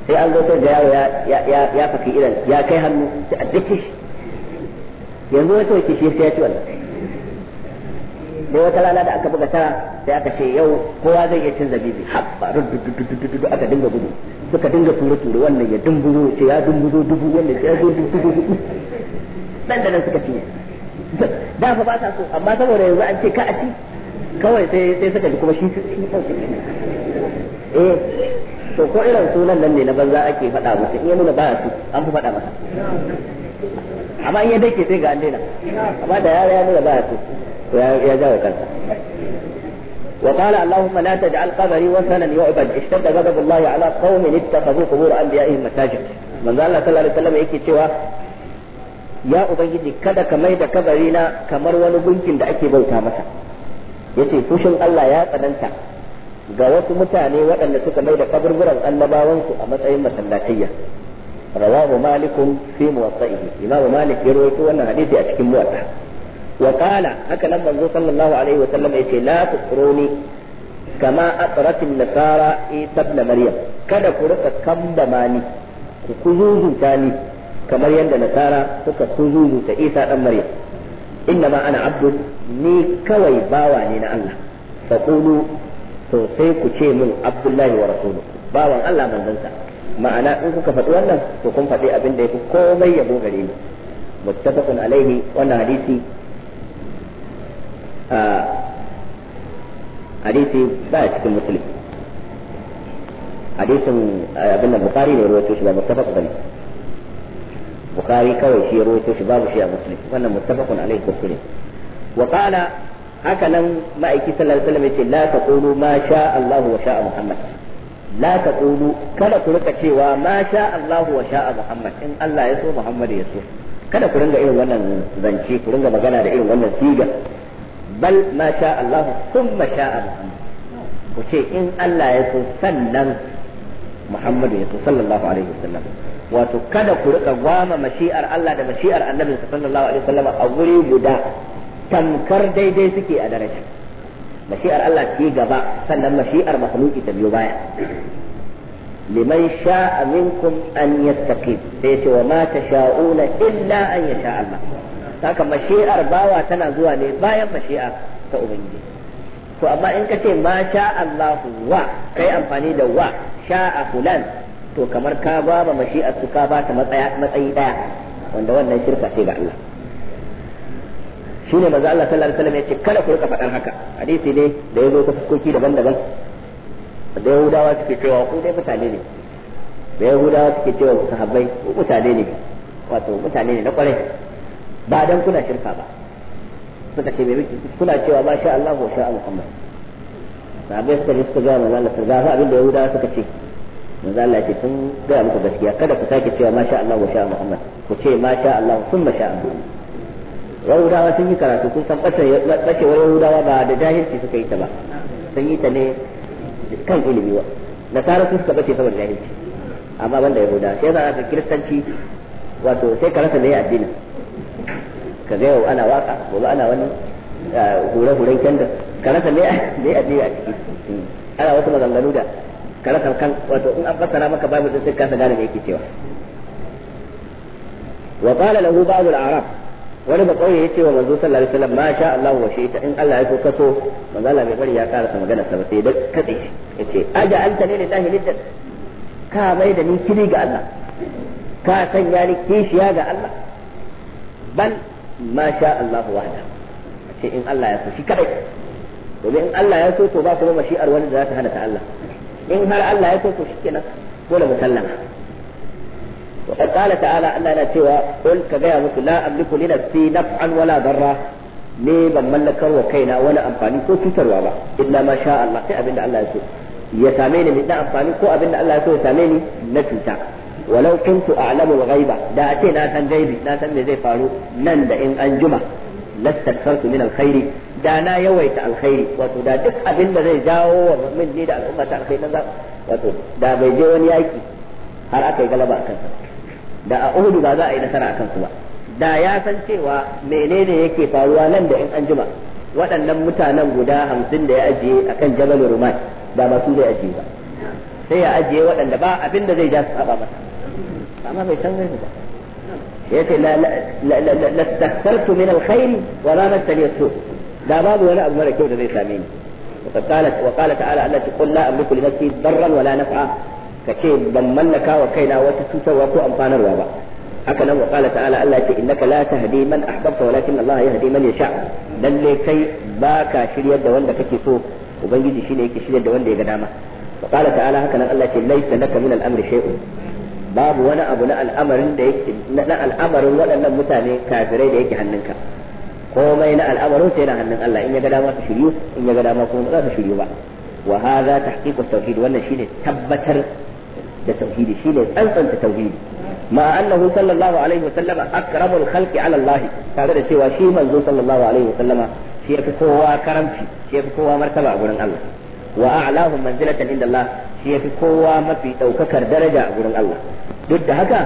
sai an zo sai da yaro ya ya ya faki idan ya kai hannu sai a dace shi yanzu wata wace shi sai ya ci wannan sai wata rana da aka buga tara sai aka ce yau kowa zai iya cin zabibi haɓɓa rudududududu aka dinga gudu suka dinga ture ture wannan ya dumbuzo ce ya dumbuzo dubu wannan ya zo dubu dubu nan da nan suka ci da fa ba sa so amma saboda yanzu an ce ka a ci kawai sai sai suka ji kuma shi shi kansa eh to ko irin sunan nan ne na banza ake faɗa musu in ya nuna ba su an fi faɗa masa amma in ya dake sai ga an amma da yara ya nuna ba ya so ya jawo kansa وقال اللهم لا تجعل قبري وثنا يعبد اشتد غضب الله على قوم اتخذوا قبور انبيائهم مساجد من الله صلى الله عليه وسلم yake cewa ya ubangiji kada ka mai da kabari na kamar wani gunkin da ake bauta masa yace fushin Allah ya tsananta ga wasu mutane waɗanda suka mai da kaburburan annabawansu a matsayin masallatayya rawahu malik fi muwatta'ihi imam malik ya rawaito wannan hadisi a cikin muwatta wa qala haka nan manzo sallallahu alaihi wa sallam yace la tuqruni kama aqratin nasara isa ibn maryam kada ku rika kambama ni ku kuzuzuta ni kamar yadda nasara suka ta isa dan maryam inna ma ana abdu ni kawai bawa ne na Allah faqulu sosai ku ce min abdullahi wa rasuluhu bawan Allah manzansa ma'ana in kuka faɗi wannan to kun faɗi abin da yafi komai yabo gare ni muttafaqun alaihi wannan hadisi a hadisi ba cikin muslim hadisin abin da bukari ne rawaito shi ba muttafaq bane bukari kawai shi rawaito shi babu shi a muslim wannan muttafaqun alaihi kuskure wa qala haka nan ma'aiki sallallahu alaihi wasallam yace la taqulu ma sha Allah wa sha Muhammad la taqulu kada ku rika cewa ma sha Allahu wa sha'a Muhammad in Allah ya so kada ku ringa irin wannan zance ku ringa magana da irin wannan siga bal ma sha Allahu thumma sha'a Muhammad ku ce in Allah sannan sallallahu alaihi wato kada ku rika gwama mashi'ar Allah da mashi'ar Annabi sallallahu alaihi wasallam a guri guda tamkar daidai suke a daraja mashi'ar Allah ce gaba sannan mashi'ar makhluki ta biyo baya liman sha'a minkum an yastaqim sai ce wa ma tasha'una illa an yasha Allah haka mashi'ar bawa tana zuwa ne bayan mashi'a ta ubangiji to amma in ka ce ma sha Allah wa kai amfani da wa sha'a fulan to kamar ka ba mashi'ar su ka ba ta matsayi daya wanda wannan shirka ce ga Allah shine maza Allah sallallahu alaihi wasallam ce kada ku rika faɗan haka hadisi ne da yazo ta fuskoki daban-daban da Yahudawa suke cewa ku dai mutane ne da Yahudawa suke cewa ku sahabbai ku mutane ne wato mutane ne na kwarai ba dan kuna shirka ba suka ce mai kuna cewa ba sha Allah ko sha Muhammad sahabbai suka suka ga manzo Allah ga fa abin da Yahudawa suka ce maza Allah ce sun ga muku gaskiya kada ku sake cewa ma sha Allah ko sha Muhammad ku ce ma sha Allah ma sha Allah yahudawa sun yi karatu kun san wani yahudawa ba da jahilci suka yi ta ba sun yi ta ne kan ilimi wa nasara sun suka ɓace saboda jahilci amma banda yahuda sai za a ka kiristanci wato sai ka rasa mai addini ka ga yau ana waka gobe ana wani hure-huren kyanda ka rasa mai addini a ciki hmm. ana wasu maganganu da ka rasa kan wato in an fassara maka babu sai ka sa gane me yake cewa وقال له بعض العرب wani da kawai ya ce wa manzo sallallahu alaihi wasallam ma sha Allah wa shi'ta in Allah ya so ka so manzo Allah bai bari ya karasa magana sa sai da katse shi yace aja alta ne lillahi liddat ka mai da ni kiri ga Allah ka sanya ni kishiya ga Allah bal ma sha Allah wahda ce in Allah ya so shi kadai domin in Allah ya so to ba kuma mashi'ar wani da za ta hana ta Allah in har Allah ya so to shikenan dole musallama وقد قال تعالى أن أنا سوى قل كجاء مثل لا أملك لنفسي نفعا ولا ضرا ni ban mallakar wa kaina wani amfani ko cutarwa ba illa ma sha Allah ya same ni na amfani ko abinda Allah ya same ni na cuta walau kuntu a'lamu ghaiba da ce na san gaibi na san zai faru nan da in an juma lastakartu min alkhairi da na yawaita alkhairi da duk abin zai jawo wa mu'min da al'umma ta alkhairi da bai je wani yaki har aka yi galaba a da a uhudu ba za a yi nasara akan su ba da ya san cewa menene yake faruwa nan da in an jima waɗannan mutanen guda hamsin da ya ajiye a kan jabal rumat da ba su zai ajiye ba sai ya ajiye waɗanda ba abin da zai ja su saba masa amma bai san gani ba ya ce lastaktartu min alkhair wa la mastani as-su da babu wani abu mara kyau da zai same ni وقال تعالى التي قل لا املك لنفسي ضرا ولا نفعا ka ce ban mallaka wa kaina wata cutarwa ko amfanarwa ba haka nan wa qala ta'ala Allah ce innaka la tahdi man ahbabta walakin Allah yahdi man yasha lalle kai ba ka shiryar da wanda kake so ubangiji shine yake shiryar da wanda ya ga dama wa qala ta'ala haka nan Allah ce laysa laka min al-amri shay'un babu wani abu na al'amarin da yake na al'amarin waɗannan mutane kafirai da yake hannunka komai na al'amarin sai na hannun Allah in ya ga dama su shiryu in ya ga dama kuma ba za su shiryu ba wa hadha tahqiqu tauhid wannan shine tabbatar da tauhidi shine ta tauhidi ma annahu sallallahu alaihi wa sallama akramul khalqi ala Allah tare da cewa shi manzo sallallahu alaihi wa sallama shi yafi kowa karamci shi yafi kowa martaba a gurin Allah wa a'lahu manzilatan inda Allah shi yafi kowa mafi daukakar daraja a gurin Allah duk da haka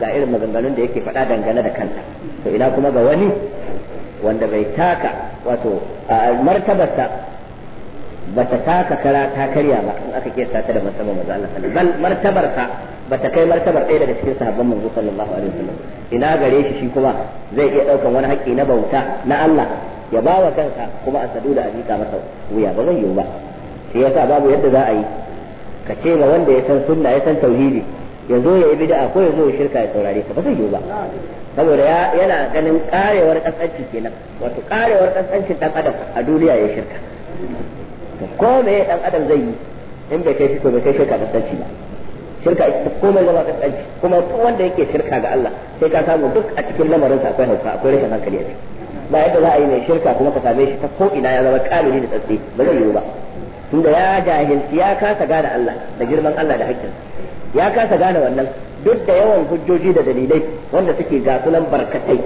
ga irin maganganun da yake faɗa dangane da kanta to ina kuma ga wani wanda bai taka wato martabarsa ba ta taka kara ta karya ba in aka kiyasta ta da musamman manzo Allah sallallahu alaihi wasallam martabar sa ba ta kai martabar ɗaya daga cikin sahabban manzo sallallahu alaihi wasallam ina gare shi shi kuma zai iya daukan wani haƙƙi na bauta na Allah ya ba wa kansa kuma a sadu da azika masa wuya ba zai yiwu ba shi yasa babu yadda za a yi ka ce ga wanda ya san sunna ya san tauhidi ya zo ya yi bid'a ko ya zo ya shirka ya saurare ka ba zai yiwu ba saboda ya yana ganin karewar kasancin kenan wato karewar kasancin dan adam a duniya ya shirka ko me dan adam zai yi in bai kai shi bai kai shirka kasance ba shirka ita komai zama kasance kuma duk wanda yake shirka ga Allah sai ka samu duk a cikin lamarin sa akwai hauka akwai rashin hankali a ciki ba yadda za a yi mai shirka kuma ka same shi ta ko ina ya zama kalili da tsatsi ba zai yiwu ba tunda ya jahilci ya kasa gane Allah da girman Allah da hakkin ya kasa gane wannan duk da yawan hujjoji da dalilai wanda suke ga sunan barkatai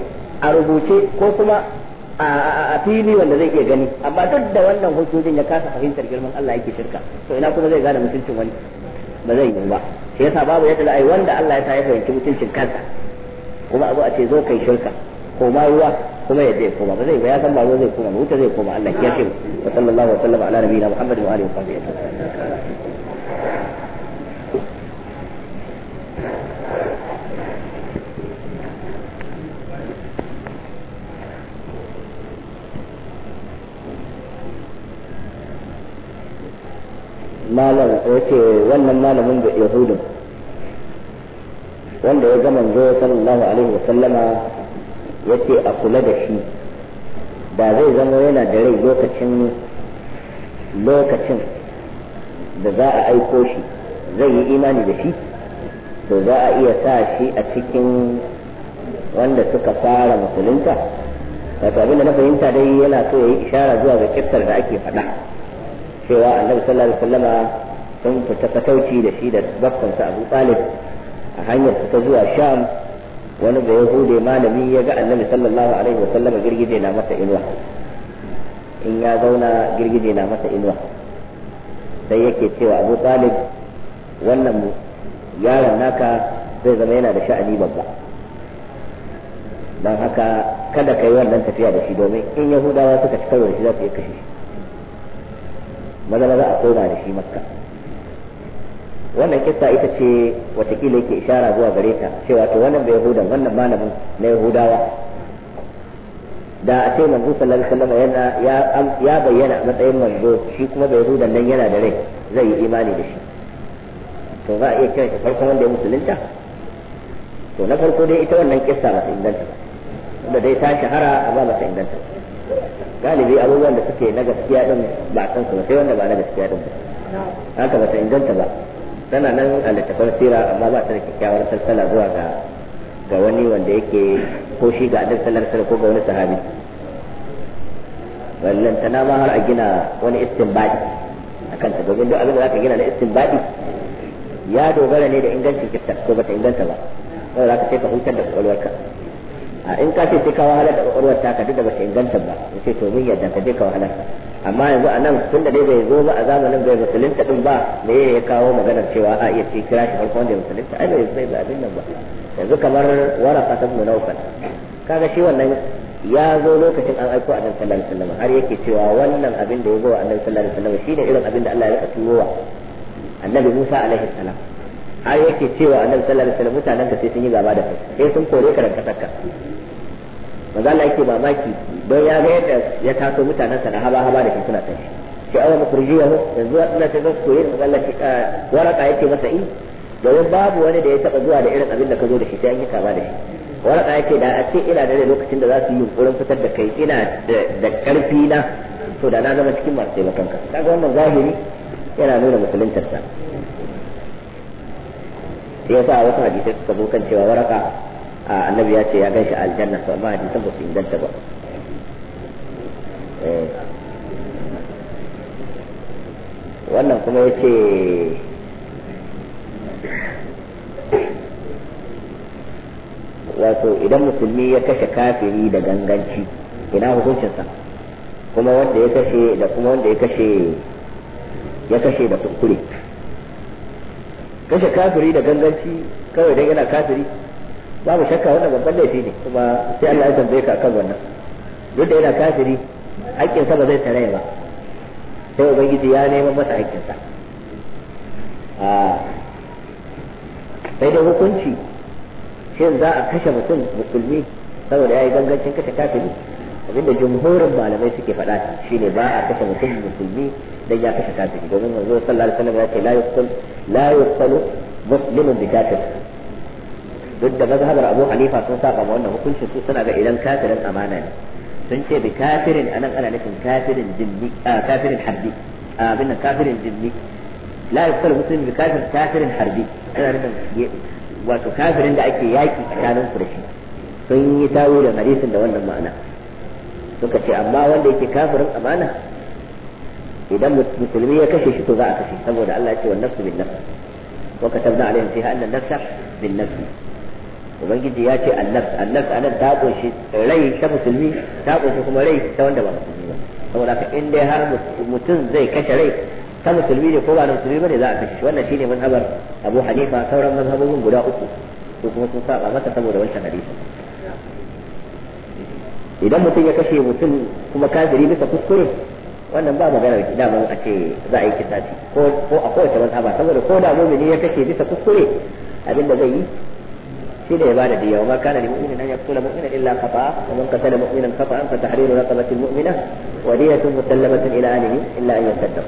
a rubuce ko kuma a fili wanda zai iya gani amma duk da wannan hujjojin ya kasa fahimtar girman Allah yake shirka to ina kuma zai gane mutuncin wani ba zai yi ba shi yasa babu yadda ai wanda Allah ya sa ya fahimci mutuncin kansa kuma abu a ce zo kai shirka ko ma ruwa kuma ya zai koma ba zai ba ya san ba zai koma ba wuta zai koma Allah ya ce sallallahu alaihi wa sallam ala nabiyina Muhammad wa alihi wa sahbihi malam yace wannan malamin da yahudin wanda ya zama zo sallallahu alaihi ya yace a kula da shi ba zai zama yana da rai lokacin lokacin da za a aiko shi zai yi imani da shi to za a iya sa shi a cikin wanda suka fara musulunta wato abinda na fahimta dai yana so ya yi ishara zuwa ga kissar da ake faɗa cewa annabi sallallahu alaihi wasallama sun fita fatauci da shi da bakkansa Abu Talib a hanyar su ta zuwa Sham wani da hude malami ya ga annabi sallallahu alaihi wasallama girgije na masa inuwa in ya zauna girgije na masa inuwa sai yake cewa Abu Talib wannan yaron naka zai zama yana da sha'ani babba don haka kada ka yi wannan tafiya da shi domin in yahudawa suka ci karo da shi za su iya kashe shi maza maza a koma da shi makka wannan kissa ita ce watakila yake ishara zuwa gare ta cewa to wannan bai yahudan wannan malamin na yahudawa da a ce manzo sallallahu alaihi wasallam yana ya bayyana matsayin manzo shi kuma bai yahudan nan yana da rai zai yi imani da shi to za a iya kira shi farkon wanda ya musulunta to na farko dai ita wannan kissa ba ta inganta ba wanda dai ta shahara amma ba ta inganta ba galibi abubuwan da suke na gaskiya din ba a kansu ba sai wanda ba na gaskiya din ba haka ba ta inganta ba tana nan a littafin sira amma ba ta da kyakkyawar salsala zuwa ga ga wani wanda yake ko shi ga annabi sallallahu ko ga wani sahabi wannan tana ma har a gina wani istinbadi akan ta domin duk abin da zaka gina na istinbadi ya dogara ne da ingancin kitab ko ba ta inganta ba saboda ka sai ka hutar da kwakwalwarka a in ka ce sai ka wahala da kwakwalwar ka duk da shi inganta ba in ce to mun yadda ka je ka wahala amma yanzu a nan tun da dai bai zo ba a zamanin bai musulunta din ba me ya kawo maganar cewa a iya ce kira shi farko wanda ya musulunta ai bai bai abin nan ba yanzu kamar waraka ta mu naufal kaga shi wannan ya zo lokacin an aiko annabi sallallahu alaihi wasallam har yake cewa wannan abin da ya zo annabi sallallahu alaihi wasallam shine irin abin da Allah ya rika wa annabi Musa alaihi salam ai yake cewa annabi sallallahu alaihi wasallam mutanen ka sai sun yi gaba da kai sai sun kore ka daga kasarka maza Allah yake mamaki don ya ga yadda ya taso mutanen sa da haba haba da ke suna tafi. sai awa makurji ya yanzu Allah ta zan koyi maza Allah shi eh, waraka yake masa in domin babu wani da ya taba zuwa da irin abin da ka zo da shi sai an yi gaba da shi waraka yake da a ce ina da lokacin da za su yi yunkurin fitar da kai ina da karfi na to da na zama cikin masu taimakonka kaga wannan zahiri yana nuna musuluntarsa shi yasa wasu hadisai suka zo kan cewa waraka annabi ya ce ya gaishe aljanna to amma hadisan ba su inganta ba eh. wannan kuma ya ce wato idan musulmi ya kashe kafiri da ganganci ina hukuncinsa kuma wanda ya kashe da kuma wanda ya kashe ya kashe da kurkure kashe kafiri da ganganci kawai dan yana kafiri babu shakka wannan babban laifi ne kuma sai Allah ya tambaye ka akan wannan duk da yana kafiri sa ba zai tare ba sai ubangiji ya neman masa sa sai dai hukunci shin za a kashe mutum musulmi saboda ya yi gangancin kashe kafiri abinda jumhurin malamai suke faɗa shine ba a kashe mutum musulmi dan ya kashe kafiri domin manzo sallallahu alaihi wasallam ya ce la yuqtal la yuqtalu muslimun bi kafir duk da mazhabar Abu Hanifa sun saba ma wannan hukuncin su suna ga idan kafirin amana ne sun ce bi kafirin anan ana nufin kafirin jinni kafirin harbi abin nan kafirin jinni la yuqtalu muslimun bi kafir kafirin harbi ana nufin wato kafirin da ake yaki tsakanin su da shi sun yi tawo da hadisin da wannan ma'ana suka ce amma wanda yake kafirin amana idan musulmi ya kashe shi to za a kashe saboda Allah ya ce wannan su bin nafs wa katabna alaihim fiha anna nafsa bin nafs ubangiji ya ce annas annas anan ta kunshi rai ta musulmi ta kunshi kuma rai ta wanda ba musulmi ba saboda haka in dai har mutum zai kashe rai ta musulmi ne ko ba musulmi ba ne za a kashe shi wannan shine manhabar Abu Hanifa sauran mazhabobin guda uku su kuma sun saba masa saboda wancan hadisi idan mutum ya kashe mutum kuma kafiri bisa kuskure wannan ba maganar daman a ce za a yi kisasi ko a kowace ba saboda ko da mumini ya kashe bisa kuskure abinda zai yi shi ne ya bada diya wa ma kana lil nan ya kula mu'minan illa khata'a wa man an mu'minan khata'an na kamar raqabati mu'mina wa diyatun musallamatin ila ahlihi illa an yasaddaq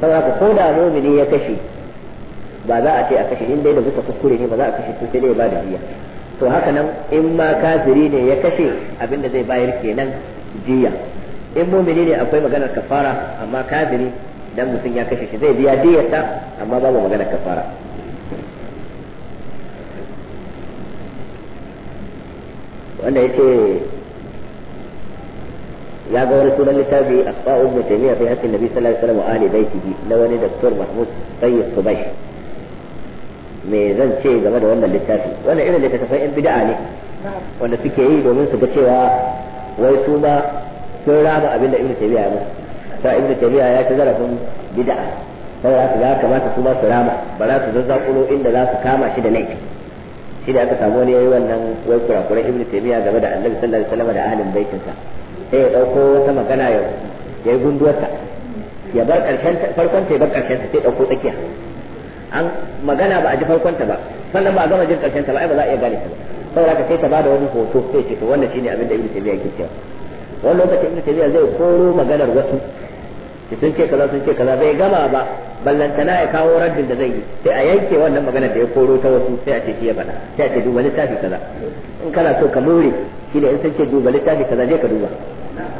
saboda ko da mumini ya kashe ba za a ce a kashe in dai da bisa kuskure ne ba za a kashe to sai da ya bada diya to haka nan in ma kafiri ne ya kashe abinda zai bayar kenan jiya in mumini ne akwai maganar kafara amma kafiri dan mutum ya kashe shi zai biya diyarsa amma babu maganar kafara wanda yace ya ga wani sunan littafi a ibn taymiyyah fi hakkin nabi sallallahu alaihi wasallam wa ali baitihi na wani daktar mahmud sayyid Subaish. me zan ce game da wannan littafi wannan irin littafin yan bid'a ne wanda suke yi domin su ga cewa wai su ba sun raba abin da ibnu tabiya ya musu ta ibnu tabiya ya ci zarafin bid'a sai haka ya kamata su ba su rama ba za su zazzakulo inda za su kama shi da laifi shi da aka samu wani yayi wannan wai kurakuran ibnu tabiya game da annabi sallallahu alaihi wasallam da ahlin baitinsa sai ya dauko wata magana ya yi gunduwarta ya bar karshen farkon ta ya bar karshen ta sai dauko tsakiya an magana ba a ji farkon ta ba sannan ba a gama jin karshen ta ba ai ba za a iya gane ta ba saboda ka sai ta bada wani hoto sai ce to wannan shine abin da ibnu Taymiyyah yake cewa wani lokacin ibnu Taymiyyah zai koro maganar wasu ki sun ce kaza sun ce kaza bai gama ba ballantana ya kawo raddin da zai yi sai a yanke wannan maganar da ya koro ta wasu sai a ce shi ya faɗa sai a ce duba littafi kaza in kana so ka more shi da in sun ce duba littafi kaza je ka duba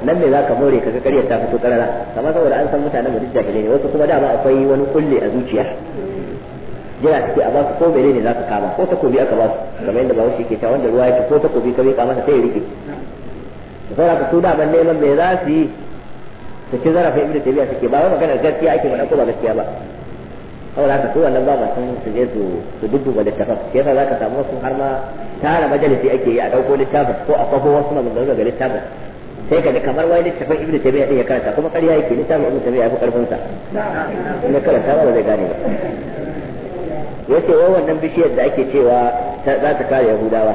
nan ne za ka more ka ga karyar ta fito karara kamar saboda an san mutanen mu duk jahilai ne wasu kuma dama akwai wani kulle a zuciya jira suke a basu ko bele ne za su kama ko takobi aka basu kamar yadda bawo shi ke ta wanda ruwa ya ko takobi ka kama ta sai ya rike da sai ka su daman neman me za su yi su ci zarafin ibnu taymiya suke ba wai magana gaskiya ake mana ko ba gaskiya ba kawai za haka su wannan ba sun su je su su ba littafin shi yasa ka samu wasu har ma tara majalisi ake yi a ɗauko littafin ko a kwafo wasu maganganu ga littafin sai ka kamar wai littafin ibnu tabi'a din ya karanta kuma ƙarya yake littafin ibnu tabi'a ya fi karfin sa in karanta ba zai gane ba yace wai wannan bishiyar da ake cewa ta za ta kare yahudawa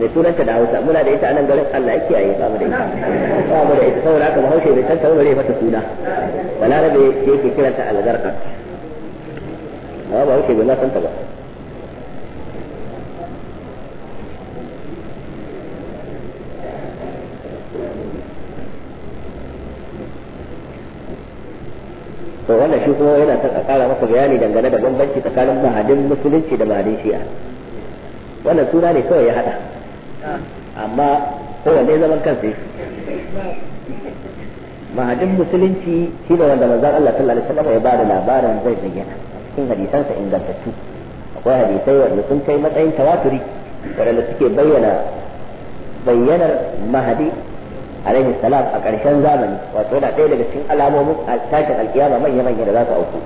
mai sunanta da hausa muna da ita nan garin Allah yake yayi ba mu da ita ba mu da ita saboda haka bahaushe bai san ta bare mata suna balarabe yake kiranta algarqa ba bahaushe bai san ta ba to wannan shi kuma yana son a kara masa bayani dangane da bambanci tsakanin mahadin musulunci da mahadin shi'a wannan suna ne kawai ya hada amma kowanne zaman kansa yake mahadin musulunci shi ne wanda manzon Allah sallallahu alaihi wasallam ya bada labarin zai bayyana cikin hadisansa ingantattu akwai hadisai wanda sun kai matsayin tawaturi waɗanda suke bayyana bayyanar mahadi alaihi salam a ƙarshen zamani wato yana ɗaya daga cikin alamomin tashin alkiyama manya manya da za su auku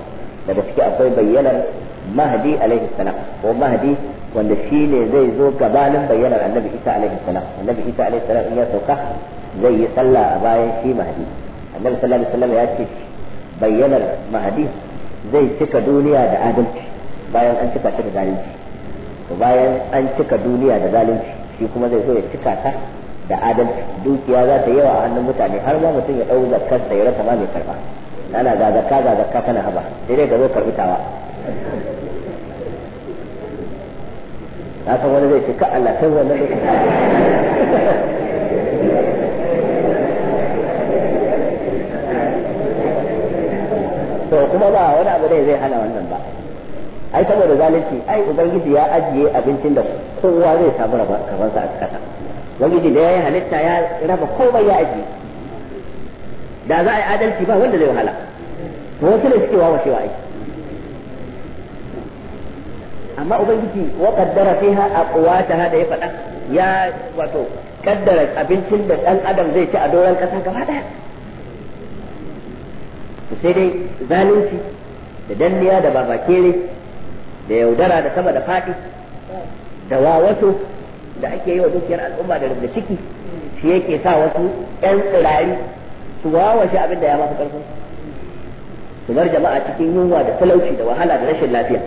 daga ciki akwai bayyanar mahdi alaihi salam ko mahdi wanda shi ne zai zo gabanin bayyanar annabi isa alaihi salam annabi isa alaihi salam in ya sauka zai yi sallah a bayan shi mahdi annabi sallallahu alaihi ya ce bayyanar mahdi zai cika duniya da adalci bayan an cika ta da zalunci bayan an cika duniya da zalunci shi kuma zai zo ya cika ta da adalci dukiya za ta yawa a hannun mutane har ma mutum ya ɗau zakar sa ya rasa ma mai karba ana ga zakka ga zakka kana haba sai dai ka zo tawa na san wani zai ce ka Allah kai wannan da to kuma ba wani abu zai hana wannan ba ai saboda zalunci ai ubangiji ya ajiye abincin da kowa zai samu rabon sa a kasa ubangiji da ya yi halitta ya raba komai ya ajiye da za a yi adalci ba wanda zai wahala to wasu ne suke wawa cewa aiki amma ubangiji wa qaddara fiha aqwataha da ya faɗa ya wato kaddara abincin da dan adam zai ci a doron ƙasa gaba daya sai dai zalunci da danniya da babakere da yaudara da sama da fadi da wasu da ake yi wa dukiyar al'umma da rubda ciki shi yake sa wasu yan tsirari su wawashe abin da ya masu karfin su bar jama'a cikin yunwa da talauci da wahala da rashin lafiya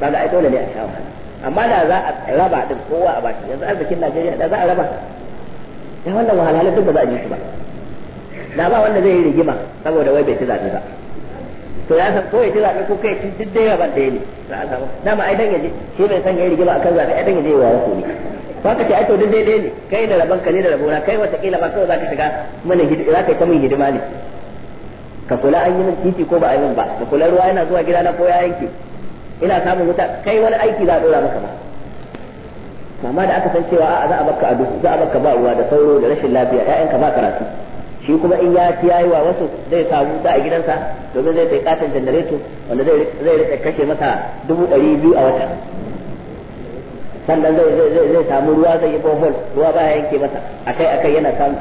kaga ai dole ne a sha wahala amma da za a raba din kowa a baki yanzu arzikin Najeriya da za a raba da wannan wahalhalun duk ba za a ji su ba da ba wanda zai yi rigima saboda wai bai ci zaɓe ba to ya san ko ya ci zaɓe ko kai ci duk da yawa da ne na a samu dama ai dan shi bai san ya yi rigima akan zaɓe ai dan yaje wa wasu ne ba ka ce ai to duk daidai ne kai da rabon ka ne da rabona kai wataƙila ba kawai za ka shiga mana hidima za ka yi ta mun hidima ne ka kula an yi min titi ko ba a yi min ba ka kula ruwa yana zuwa gida na ko ya yanke ina samun wuta kai wani aiki za a ɗora maka ba amma da aka san cewa a za a baka a duhu za a baka ba ruwa da sauro da rashin lafiya ƴaƴanka ba karatu shi kuma in ya ci yayi wa wasu zai sa wuta a gidansa domin zai sai katon janareto wanda zai zai kashe masa dubu ɗari biyu a wata sannan zai zai zai samu ruwa zai yi bohol ruwa baya yanke masa akai akai yana samu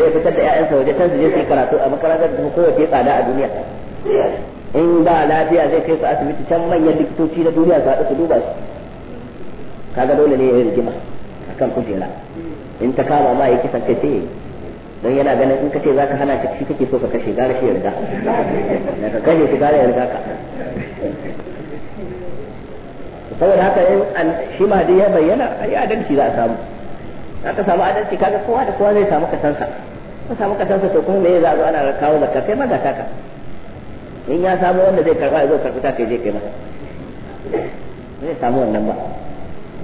zai fitar da ƴaƴansa waje can su je su yi karatu a makarantar da ke tsada a duniya in ba lafiya zai kai su asibiti can manyan likitoci na duniya su haɗu su duba su kaga dole ne ya yi rigima akan kujera in ta kama ma ya kisan kai sai ya yi don yana ganin in ka ce za ka hana shi kake so ka kashe gara shi ya riga ka kashe shi gara ya riga ka saboda haka in shi ma dai ya bayyana ai adalci za a samu za ka samu adalci kaga kowa da kowa zai samu kasansa ka samu kasansa to kuma me za a zo ana kawo da kai ma da taka in ya samu wanda zai karba ya zo karbi kai je kai masa zai samu wannan ba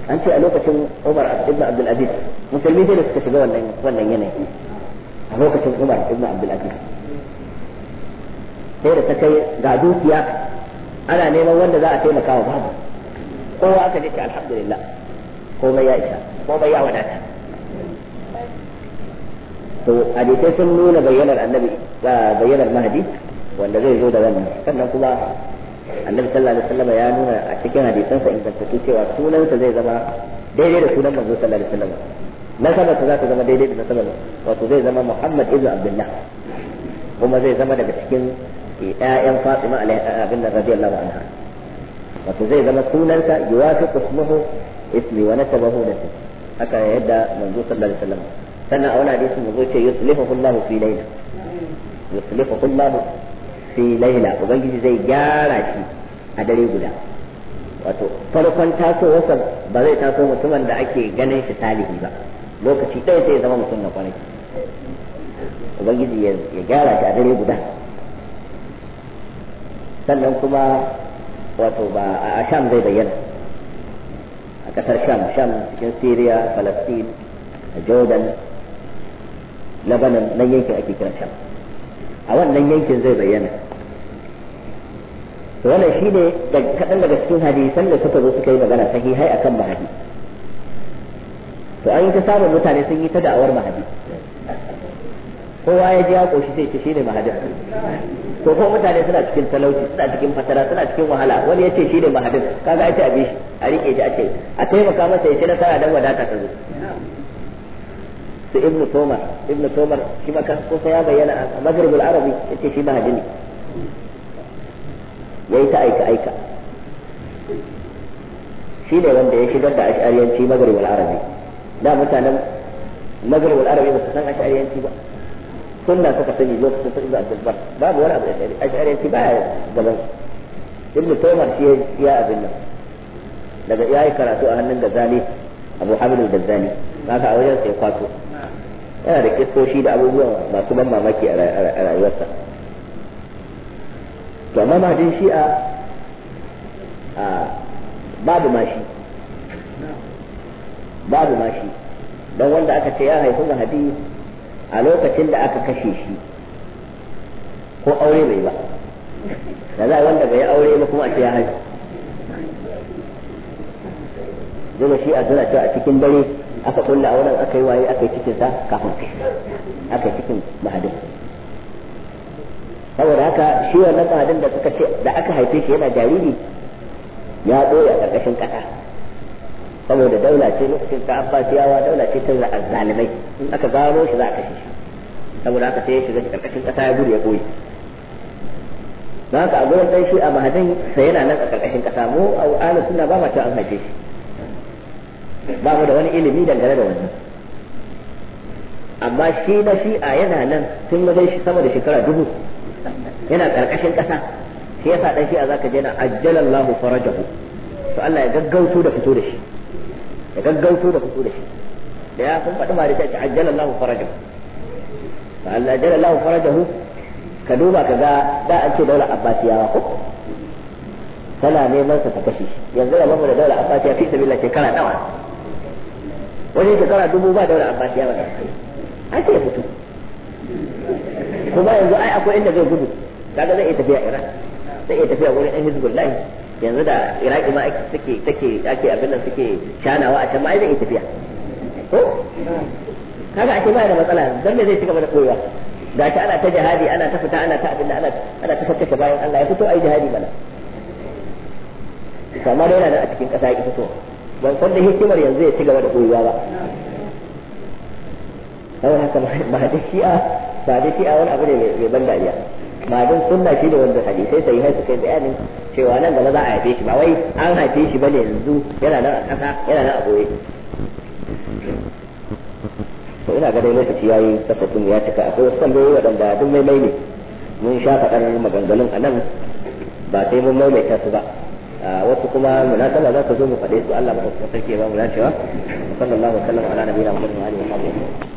an ce a lokacin Umar ibn Abdul Aziz musulmi sai da suka shiga wannan wannan yanayi a lokacin Umar ibn Abdul Aziz sai da ta kai ga dukiya ana neman wanda za a taimaka wa babu kowa aka ce alhamdulillah komai ya isa komai ya wadata to hadisai sun nuna bayyanar annabi ga bayyanar mahadi wanda zai zo da wannan sannan kuma annabi sallallahu alaihi wasallam ya nuna a cikin hadisansa ingantattu cewa sunansa zai zama daidai da sunan manzo sallallahu alaihi wasallam nasabar ta za ta zama daidai da nasabar wato zai zama Muhammad ibn Abdullah kuma zai zama daga cikin ƴaƴan Fatima abin nan radiyallahu anha wato zai zama sunansa yuwafiqu ismuhu ismi wa nasabahu nasi haka yadda manzo sallallahu alaihi wasallam sannan a wani hadisi manzo ce yuslihu Allahu fi layla yuslihu Allahu fi layla ubangiji zai gyara shi a dare guda wato farkon tasowarsa ba zai taso mutumin da ake ganin shi salihi ba lokaci ɗaya sai ya zama mutum na kwanaki ubangiji ya gyara shi a dare guda sannan kuma wato ba a sham zai bayyana a ƙasar sham sham cikin syria palestine jordan labanan nan yankin ake kira sham a wannan yankin zai bayyana to shi ne kaɗan daga cikin hadisan da suka zo suka yi magana sahihai akan mahadi to an yi ta samun mutane sun yi ta da'awar mahadi kowa ya ji ya koshi sai ce shine mahadi to ko mutane suna cikin talauci suna cikin fatara suna cikin wahala wani ya ce shine mahadi kaga ake ta abi shi a rike shi a ce a taimaka masa ya ci nasara dan wadata ta zo su ibnu tomar ibnu tomar shi maka kusa ya bayyana a maghribul arabi yace shi mahadi ne yayi ta aika aika shi ne wanda ya shigar da ash'ariyanci maghribul arabi da mutanen magrib al-arabi ba su san ash'ariyanci ba sunna suka sani lokacin su ibn abdul bar babu wani abu da ash'ariyanci ba ya gaban ibn taymar shi ya abin nan daga yayi karatu a hannun gazali abu hamid al ba haka a wajen sai kwato yana da kisoshi da abubuwan masu ban mamaki a rayuwarsa to amma mahadin shi'a babu mashi babu ma shi don wanda aka ce ya haifi mahadi a lokacin da aka kashe shi ko aure bai ba da za wanda bai aure ba kuma a ce ya haifi zama shi a suna cewa a cikin dare aka kulla a wurin aka yi waye aka yi sa kafin aka yi cikin mahadin saboda haka shi wannan mahadin da suka ce da aka haife shi yana jariri ya doya a ƙarƙashin ƙasa saboda daula ce lokacin ta abbasiyawa daula ce ta zalimai in aka gano shi za a kashe shi saboda haka sai ya shiga karkashin kasa ya gudu ya koyi ba ka a gurin ɗan shi a mahadin sai yana nan a karkashin kasa mu a ahlu sunna ba ma ta an haife shi ba mu da wani ilimi dangane da wannan amma shi na a yana nan tun ma zai shi sama da shekara dubu yana karkashin kasa shi yasa dan a zaka je na ajjalallahu farajahu to Allah ya gaggauto da fito da shi da gaggauto da fito da shi da ya sun faɗi ma da ta ajjala Allah farajahu fa Allah jalla Allah farajahu ka duba ka ga da an ce daular abbasiyawa ko tana neman sa ta kashe shi yanzu da mamu da daular abbasiya fi sabilla shekara nawa wani shekara dubu ba daular abbasiya ba ai sai ya fito kuma yanzu ai akwai inda zai gudu kaga zai iya tafiya Iran zai iya tafiya wurin ɗan yanzu da iraki ma suke take ake abin da suke shanawa a can ma zai tafiya ko kaga ake mai da matsala dan me zai shiga da koyewa shi ana ta jihadi ana ta fita ana ta abin da ana ana ta fakkake bayan Allah ya fito ai jihadi bala kamar yana da a cikin kasa ya fito ban san da hikimar yanzu ya ci gaba da koyewa ba saboda haka ba da shi'a ba da shi'a wani abu ne mai ban dariya ba don sunna shi ne wanda hadisai sai hai suka yi bayanin cewa nan gaba za a haife shi ba wai an haife shi bane yanzu yana nan a kasa yana nan a boye to ina ga dai lokaci yayi kasafin ya cika akwai wasu tambayoyi waɗanda duk mai ne mun sha faɗar maganganun a nan ba sai mun maimaita su ba wasu kuma munasaba za ka zo mu faɗe su Allah madaukakin sarki ya ba mu dacewa sallallahu alaihi wa sallam ala nabiyina muhammadin wa alihi wa sahbihi